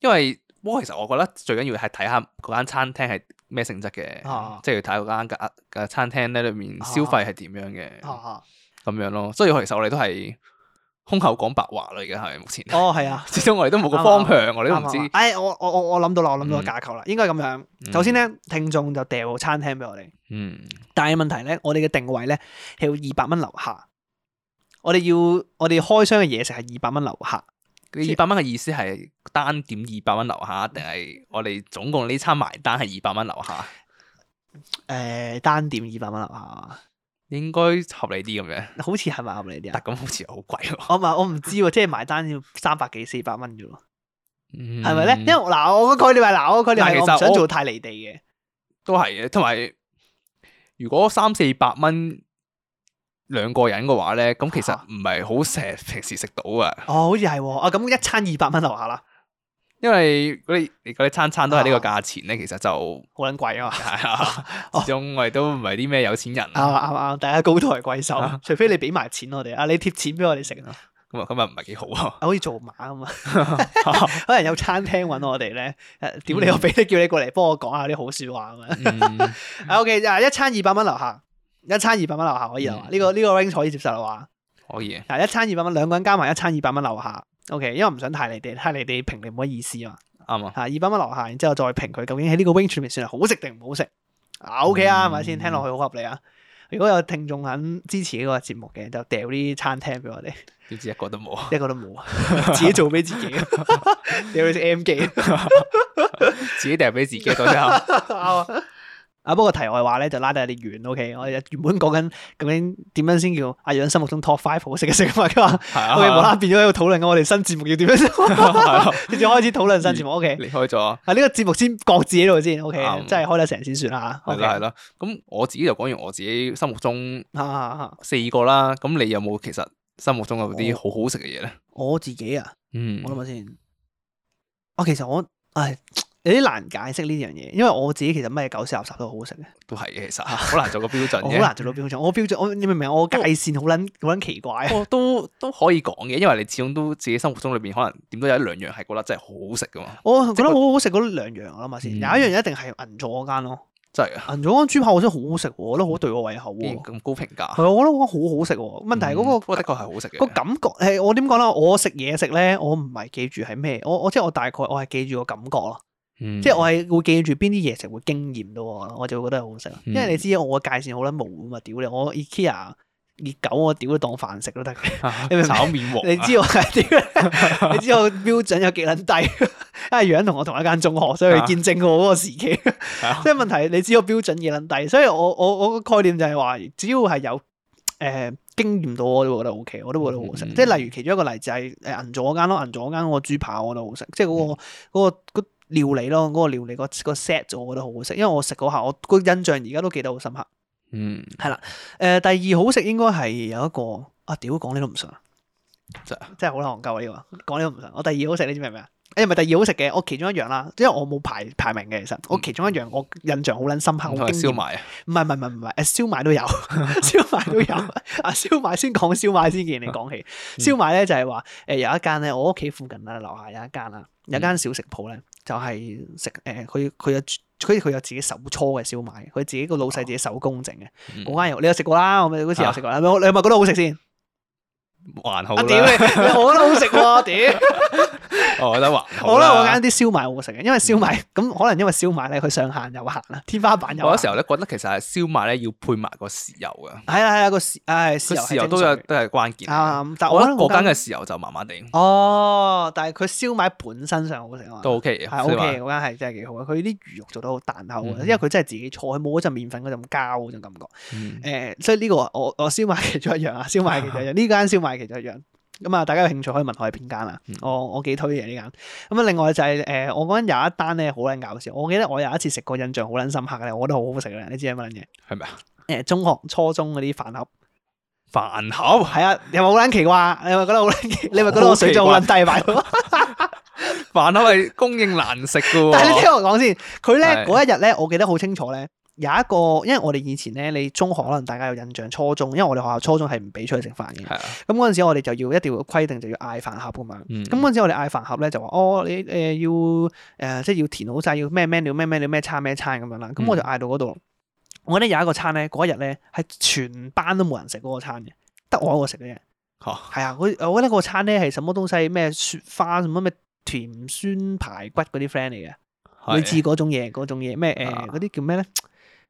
因為我其實我覺得最緊要係睇下嗰間餐廳係。咩性質嘅？啊、即係要睇嗰間嘅餐廳咧，裏面消費係點樣嘅？咁、啊啊、樣咯，所以其實我哋都係空口講白話啦，而家係目前。哦，係啊，始終我哋都冇個方向，啊、我哋都唔知。哎、啊啊啊啊，我我我我諗到啦，我諗到個架構啦，嗯、應該咁樣。首先咧，嗯、聽眾就掉個餐廳俾我哋。嗯。但係問題咧，我哋嘅定位咧係要二百蚊樓下，我哋要我哋開箱嘅嘢食係二百蚊樓下，二百蚊嘅意思係單點二百蚊樓下，定係我哋總共呢餐埋單係二百蚊樓下？誒、呃，單點二百蚊樓下，應該合理啲咁樣。好似係咪合理啲啊？但咁好似好貴喎。我唔，我唔知喎，即係埋單要三百幾四百蚊咋喎。係咪咧？因為嗱，我個概念係，嗱，我個概念係，我想做太離地嘅，都係嘅。同埋如果三四百蚊。兩個人嘅話咧，咁其實唔係好食，平時食到啊。哦，好似係，啊咁一餐二百蚊樓下啦。因為嗰啲你啲餐餐都係呢個價錢咧，其實就好捻貴啊嘛。係啊，始終我哋都唔係啲咩有錢人啱啱啱，大家高抬貴手，除非你俾埋錢我哋，啊你貼錢俾我哋食咯。咁啊，咁啊唔係幾好啊，好似做馬咁啊，可能有餐廳搵我哋咧，誒，屌你我俾你叫你過嚟幫我講下啲好說話咁樣。OK，啊一餐二百蚊樓下。一餐二百蚊樓下可以啊？呢、嗯、個呢個 wing 可以接受啦？話可以。嗱，一餐二百蚊，兩個人加埋一餐二百蚊樓下，OK。因為唔想太離地，太離地評你唔好意思啊嘛。啱啊、嗯。吓，二百蚊樓下，然之後再評佢究竟喺呢個 wing 入面算係好食定唔好食啊？OK 啊，係咪先？聽落去好合理啊。如果有聽眾肯支持呢個節目嘅，就掉啲餐廳俾我哋。點知一個都冇啊？一個都冇啊？自己做俾自己，掉隻 M 記，自己掉俾自己，咁樣。啊，不過題外話咧，就拉得有啲遠，OK。我哋原本講緊究竟點樣先叫阿羊心目中 top five 好食嘅食物啊嘛，佢話，啊、okay, 無無我哋無啦變咗喺度討論我哋新節目要點樣，跟住、啊啊、開始討論新節目，OK。離開咗、啊，係呢、啊這個節目先各自喺度先，OK。真係開得成先算啦吓，係啦係啦。咁我自己就講完我自己心目中四個啦。咁你有冇其實心目中有啲好好食嘅嘢？咧，我自己啊，嗯，我諗下先。我其實我，唉。有啲難解釋呢樣嘢，因為我自己其實咩狗屎垃圾都好食嘅。都係嘅，其實好難做個標準嘅。好 難做到標準。我標準，我你明唔明？我界線好撚好撚奇怪啊！都都可以講嘅，因為你始終都自己生活中裏邊可能點都有一兩樣係覺得真係好好食㗎嘛。我覺得好好食嗰兩樣啊嘛，先有一樣一定係銀座嗰間咯。真係的啊！銀座嗰間豬扒我真係好好食喎，我都好對我胃口喎。咁、嗯欸、高評價係啊！ 我覺得好好食喎。問題係嗰、那個嗰、嗯、的確係好食嘅。個感覺係我點講咧？我食嘢食咧，我唔係記住係咩，我我即係我大概我係記住個感覺咯。嗯、即係我係會記住邊啲嘢食會驚艷到我咯，我就會覺得係好食。嗯、因為你知我嘅界線好撚模糊啊嘛，屌你，我 IKEA 熱狗我屌都當飯食都得。 炒麵王、啊，你知我係點？ 你知我標準有幾捻低？阿羊同我同一間中學，所以去見證過我嗰個時期。啊、 即係問題，你知我標準幾捻低，所以我我我個概念就係話，只要係有誒經驗到，我都覺得 OK，我都覺得好食。嗯嗯、即係例如其中一個例子係銀座嗰間咯，銀座嗰間個豬扒我覺得好食，即係嗰、那個個、嗯嗯料理咯，嗰、那個料理個、那個 set 我覺得好好食，因為我食嗰下我個印象而家都記得好深刻。嗯，係啦。誒、呃，第二好食應該係有一個啊屌，講你都唔信啊！Sir，真啊，真係好難講夠呢個，講你都唔信。我第二好食你知唔知咩啊？誒、欸，唔係第二好食嘅，我其中一樣啦，因為我冇排排名嘅，其實我其中一樣我印象好撚深刻。嗯、燒賣啊！唔係唔係唔係唔係誒，燒賣都有，燒賣都有啊！燒賣先，講燒賣先，見你講起燒賣咧就係話誒有一間咧，我屋企附近啊樓下有一間啊，有間小食鋪咧。嗯嗯就係食誒，佢、呃、佢有，佢佢有自己手搓嘅燒賣，佢自己個老細自己手工整嘅嗰間肉，你有食過啦，我咪嗰時有食過啦，啊、你你係咪覺得好食先？還好啦，屌你，我覺得好食喎，屌！我覺得還好。好啦，我揀啲燒賣好食嘅，因為燒賣咁可能因為燒賣咧，佢上限有限啦，天花板有。我有時候咧覺得其實係燒賣咧要配埋個豉油嘅。係啊係啊，個豉，豉油。豉油都有都係關鍵。但我覺得嗰間嘅豉油就麻麻地。哦，但係佢燒賣本身上好食都 OK 啊，係 OK，嗰間係真係幾好。佢啲魚肉做得好彈口，因為佢真係自己搓，佢冇嗰陣麵粉嗰陣膠嗰種感覺。誒，所以呢個我我燒賣其實一樣啊，燒賣其實一樣呢間燒賣。其實一樣咁啊！大家有興趣可以問我係邊間啦。我我幾推嘅呢間。咁啊，另外就係、是、誒、呃，我嗰陣有一單咧，好捻搞笑。我記得我有一次食過，印象好捻深刻嘅，我覺得好好食嘅。你知係乜捻嘢？係咪啊？誒，中學初中嗰啲飯盒。飯盒係啊？又係好捻奇啩？奇怪你咪覺得好捻奇？你咪覺得我水準好捻低埋？飯 盒係供應難食噶、啊。但係你聽我講先，佢咧嗰一日咧，我記得好清楚咧。有一個，因為我哋以前咧，你中學可能大家有印象，初中，因為我哋學校初中係唔俾出去食飯嘅。係啊。咁嗰陣時我哋就要一定要規定就要、嗯，就要嗌飯盒咁樣。咁嗰陣時我哋嗌飯盒咧，就話哦，你誒要誒即係要填好晒，要咩 menu 咩 menu 咩餐咩餐咁樣啦。咁我就嗌到嗰度。嗯、我覺得有一個餐咧，嗰一日咧係全班都冇人食嗰個餐嘅，得我一個食嘅啫。嚇！係啊，我我覺得嗰個餐咧係什麼東西？咩雪花？什麼咩甜酸排骨嗰啲 friend 嚟嘅，類似嗰種嘢，嗰種嘢咩誒嗰啲叫咩咧？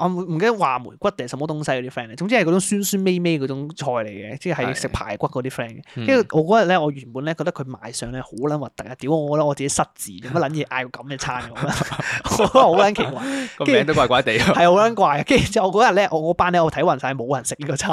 我唔記得話梅骨定係什麼東西嗰啲 friend 咧，總之係嗰種酸酸味味嗰種菜嚟嘅，即係食排骨嗰啲 friend。跟住是的 我嗰日咧，我原本咧覺得佢賣相咧好撚核突啊！屌，我覺得我自己失智，乜撚嘢嗌個咁嘅餐咁啊，好撚 奇怪，個 名都怪怪地后，係好撚怪。跟住之後我嗰日咧，我班咧我睇暈晒冇人食呢個餐。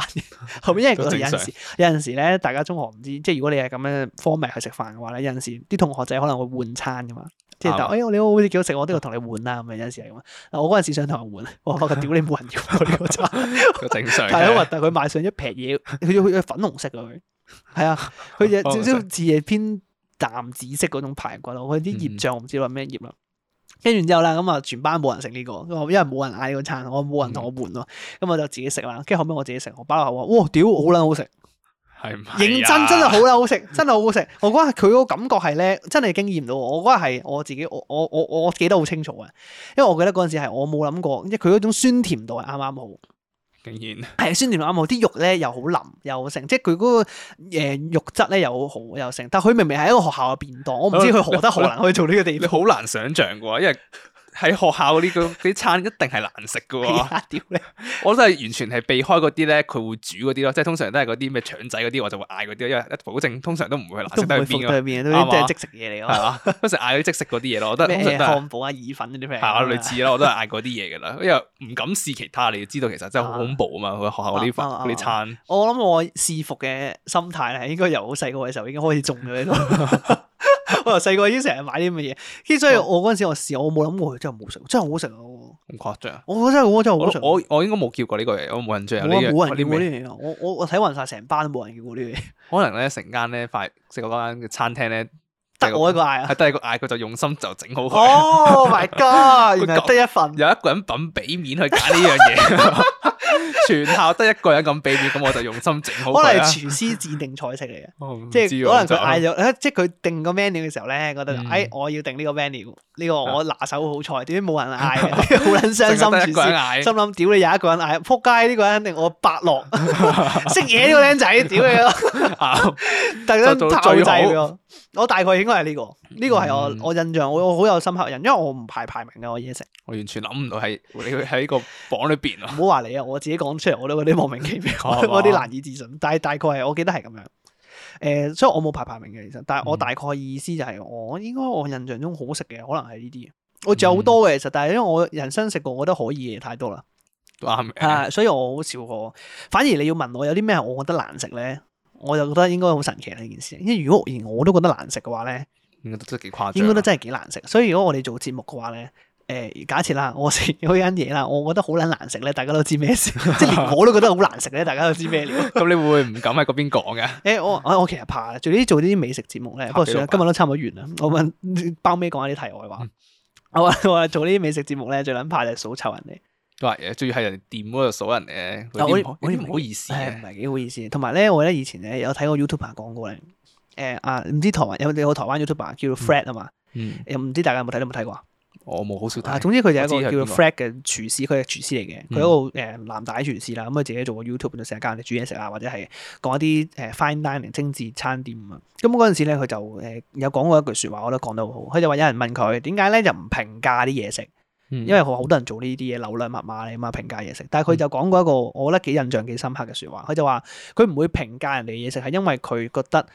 後面因為嗰正時有陣時，有陣時咧大家中學唔知，即係如果你係咁樣 form 嚟去食飯嘅話咧，有陣時啲同學仔可能會換餐噶嘛。即係但係，對吧 哎呀，你好似幾好食，我都要同你換啦咁樣。有陣時係咁啊！我嗰陣想同人換屌你冇人要
呢個餐， 正常。但係好核突，
佢賣上一撇嘢，佢要佢粉紅色嘅佢，係啊，佢嘢少少字係偏淡紫色嗰種排骨咯。佢啲醃醬我唔知話咩醃啦。跟住之後咧，咁啊全班冇人食呢、這個，因為冇人嗌個餐，我冇人同我換咯。咁、嗯、我就自己食啦。跟住後尾我自己食，我包落口話，哇屌好撚好食！
是是啊、認真真係好
啦，好食，真係好好食。 我覺得佢個感覺係咧，真係經驗到。我覺得係我自己，我我我我記得好清楚啊。因為我記得嗰陣時係我冇諗過，即係佢嗰種酸甜度係啱啱好。
經驗係
酸甜度啱好，啲肉咧又，又好腍，那個呃、又，又好食，即係佢嗰個誒肉質咧又好好又成。但係佢明明係一個學校嘅便當，我唔知佢何得、啊、何能去做呢個地。你好難想象嘅因為。喺學校呢個啲餐一定係難食㗎喎， 我都係完全係避開嗰啲咧，佢會煮嗰啲咯，即係通常都係嗰啲咩腸仔嗰啲，我就會嗌嗰啲，因為一保證通常都唔會去難食喺邊嘅。邊啊？即係即食嘢嚟咯，係嘛？通常嗌啲即食嗰啲嘢咯，我都通常都 漢堡啊、意粉嗰啲，係啊，類似咯，我都係嗌嗰啲嘢嘅啦，因為唔敢試其他，你要知道其實真係好恐怖啊嘛！佢學校嗰啲飯、嗰啲餐，我諗我試服嘅心態咧，應該由好細個嘅時候已經開始中咗種呢啦。細個已經成日買啲咁嘅嘢，跟住所以我嗰陣時我試，我冇諗過佢真係好食，真係好食啊！咁誇張，我覺得真係真係好食。我我應該冇叫過呢個嘢，我冇印象有呢個。冇呢樣嘢，我我我睇勻晒成班都冇人叫過呢樣嘢。可能咧成間咧快食過嗰間嘅餐廳咧，得我一個嗌、啊，係第二個嗌佢就用心就整好。Oh my god！ 說原來得一份，有一個人品俾面去揀呢樣嘢。 全校得一個人咁俾面，咁我就用心整好。可能係廚師自定菜式嚟嘅，即係可能佢嗌咗，即係佢定個 menu 嘅時候咧，覺得：「唉，我要定呢個 menu，呢個我拿手好菜，點知冇人嗌，好撚傷心。廚師心諗：屌你有一個人嗌，仆街！呢個人肯定我伯樂識嘢，呢個僆仔，屌你咯，特登泡製。我大概應該係呢個，呢、這個係我、嗯、我印象，我我好有深刻印象，因為我唔排排名嘅我嘢食。我完全諗唔到喺你喺呢個房裏邊啊！唔好話你啊，我自己講出嚟，我都覺得啲莫名其妙，哦、我啲難以置信。但係大概係，我記得係咁樣。誒、呃，所以我冇排排名嘅其實，但係我大概意思就係、是嗯、我應該我印象中好食嘅可能係呢啲。我仲有好多嘅其實，嗯、但係因為我人生食過我覺得可以嘅嘢太多啦，啱、啊、所以我好少個。 反而你要問我有啲咩，我覺得難食咧？我就覺得應該好神奇呢件事，因為如果連我都覺得難食嘅話咧，誇張，應該都真係幾誇張。應該都真係幾難食，所以如果我哋做節目嘅話咧，誒、呃、假設啦，我食嗰間嘢啦，我覺得好撚難食咧，大家都知咩事？ 即係連我都覺得好難食咧，大家都知咩料？咁 你會唔敢喺嗰邊講嘅？誒、欸、我我我其實怕做呢做啲美食節目咧，不過算啦，今日都差唔多完啦。我問 包，包尾講下啲題外話，我話我話做呢啲美食節目咧，最撚怕就係數臭人哋。都話嘢，仲係人哋店嗰度數人嘅，嗰啲唔好意思，唔係幾好意思。同埋咧，我咧以前咧有睇過 YouTuber 講過咧，誒、哎、啊，唔知台灣有冇台灣 YouTuber 叫做 Fred 啊嘛、嗯，又、嗯、唔知大家有冇睇，嗯、有冇睇過，我冇好少睇。總之佢就係一個叫做 Fred 嘅廚師，佢係廚師嚟嘅，佢喺度誒南大廚師啦，咁佢自己做個 YouTube，就成日教人哋煮嘢食啊，或者係講一啲誒 fine dining 精緻餐店咁嗰陣時咧，佢就誒有講過一句説話，我覺得講得好好。佢就話有人問佢點解咧就唔評價啲嘢食。因為好多人做呢啲嘢，流量密碼嚟啊嘛，評價嘢食。但係佢就講過一個我覺得幾印象幾深刻嘅説話，佢就話佢唔會評價人哋嘢食，係因為佢覺得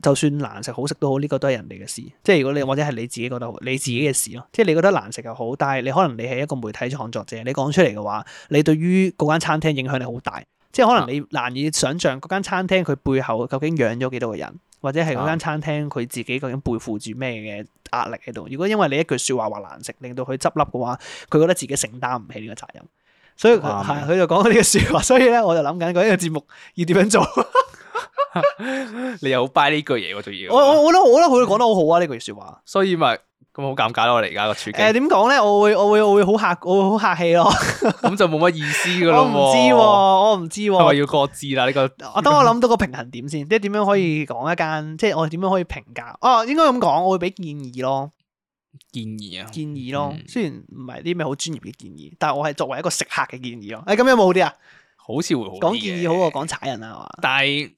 就算難食好食都好，呢個都係人哋嘅事。即係如果你或者係你自己覺得好，你自己嘅事咯。即係你覺得難食又好，但係你可能你係一個媒體創作者，你講出嚟嘅話，你對於嗰間餐廳影響力好大。即係可能你難以想像嗰間餐廳佢背後究竟養咗幾多個人。或者係嗰間餐廳佢自己究竟背負住咩嘅壓力喺度？如果因為你一句説話話難食，令到佢執笠嘅話，佢覺得自己承擔唔起呢個責任，所以佢、嗯、就講咗呢句説話。所以咧，我就諗緊呢一個節目要點樣做。 你又好 buy 呢句嘢仲要。我我覺得我覺得佢講得好好啊，呢、嗯、句説話。所以咪、就是。咁好尷尬咯，我哋而家個處境。誒、呃，點講咧？我會我會我會好客，我會好客氣咯。咁 就冇乜意思噶咯。我唔知、啊，我唔知、啊。係咪要各自啦？呢、這個，我等我諗到個平衡點先。即係點樣可以講一間？嗯、即係我點樣可以評價？哦、啊，應該咁講，我會俾建議咯。建議啊！建議咯，雖然唔係啲咩好專業嘅建議，但係我係作為一個食客嘅建議咯。誒、哎，咁有冇好啲啊？好似會好。講建議好過講踩人啊嘛。但係。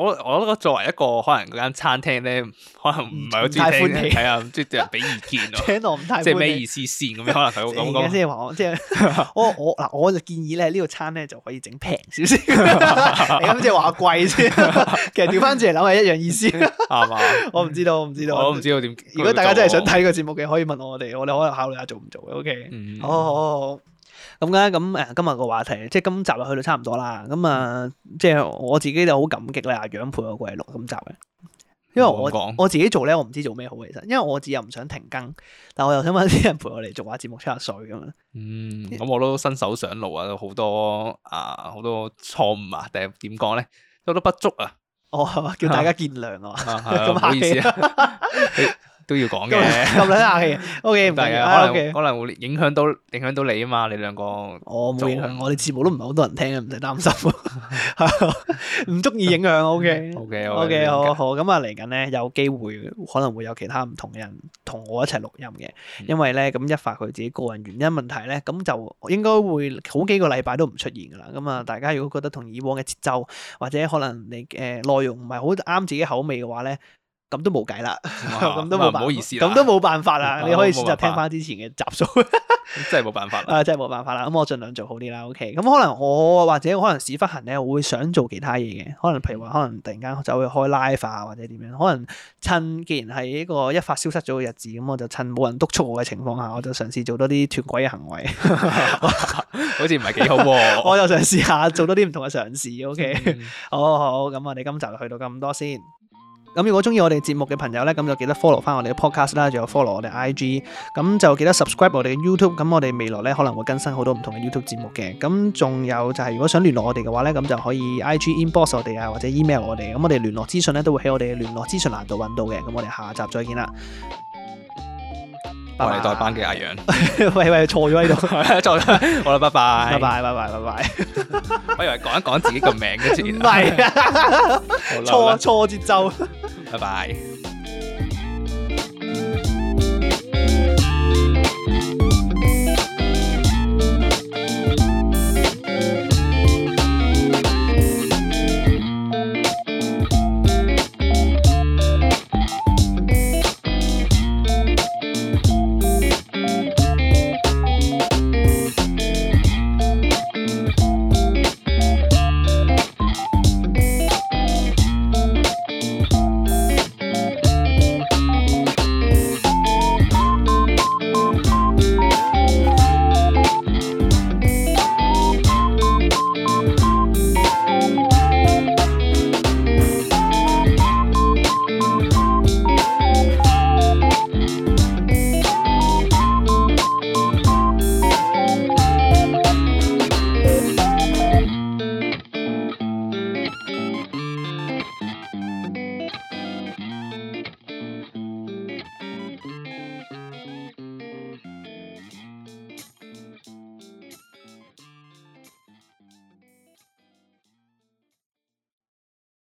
我我都覺得作為一個可能嗰間餐廳咧，可能唔係好歡迎，係啊，唔歡迎俾意見咯。 太即係咩意思先？咁可能佢咁講先話我，即係我我嗱，我就建議咧呢個餐咧就可以整平少少。 你今朝話貴先，其實調翻轉嚟諗係一樣意思。係嘛？我唔知道，我唔知道，我唔知道點做。如果大家真係想睇呢個節目嘅，可以問我哋，我哋可能考慮下做唔做嘅。OK，嗯、好，好，好。好好好。咁嘅咁誒，今日個話題即係今集就去到差唔多啦。咁啊，即係我自己就好感激啦，阿羊陪我過嚟錄今集嘅。因為我我自己做咧，我唔知做咩好其實，因為我自己又唔想停更，但我又想搵啲人陪我嚟做下節目吹下水咁、嗯、啊。嗯，咁我都新手上路啊，好多啊，好多錯誤啊，定點講咧，都好多不足啊。哦，叫大家見諒 啊嘛，唔好意思。 都要講嘅咁兩下氣 O K 唔緊要，O K 可能會 影響到影響到你啊嘛，你兩個我冇影響，我哋節目都唔係好多人聽，唔使擔心，唔鍾意影響 O K O K O K 好好咁啊！嚟緊咧有機會可能會有其他唔同嘅人同我一齊錄音嘅，因為咧咁一發佢自己個人原因問題咧，咁就應該會好幾個禮拜都唔出現噶啦。咁啊，大家如果覺得同以往嘅節奏或者可能你誒、呃、內容唔係好啱自己口味嘅話咧。咁都冇計啦，咁都冇，唔好意思，都冇辦法啊！你可以選擇聽翻之前嘅集數，真係冇辦法啊！真係冇辦法啦！咁我盡量做好啲啦，OK？咁可能我或者可能屎忽痕咧，我會想做其他嘢嘅，可能譬如話可能突然間走去開 live 啊，或者點樣？可能趁既然係呢個一發消失咗嘅日子，咁我就趁冇人督促我嘅情況下，我就嘗試做多啲脫軌嘅行為，好似唔係幾好。我就嘗試下做多啲唔同嘅嘗試，OK？好好，咁我哋今集去到咁多先。咁如果中意我哋節目嘅朋友呢，咁就記得 follow 翻我哋嘅 podcast 啦，仲有 follow 我哋 IG，咁就記得 subscribe 我哋嘅 YouTube，咁我哋未來呢可能會更新好多唔同嘅 YouTube 節目嘅，咁仲有就係如果想聯絡我哋嘅話呢，咁就可以 IG inbox 我哋啊，或者 email 我哋，咁我哋聯絡資訊呢，都會喺我哋嘅聯絡資訊欄度揾到嘅，咁我哋下集再見啦。我哋代班嘅阿羊，喂喂，錯咗喺度，錯咗，好啦，拜拜，拜拜，拜拜，拜拜，我以為講一講自己個名嘅先，唔係，錯錯節奏，拜拜。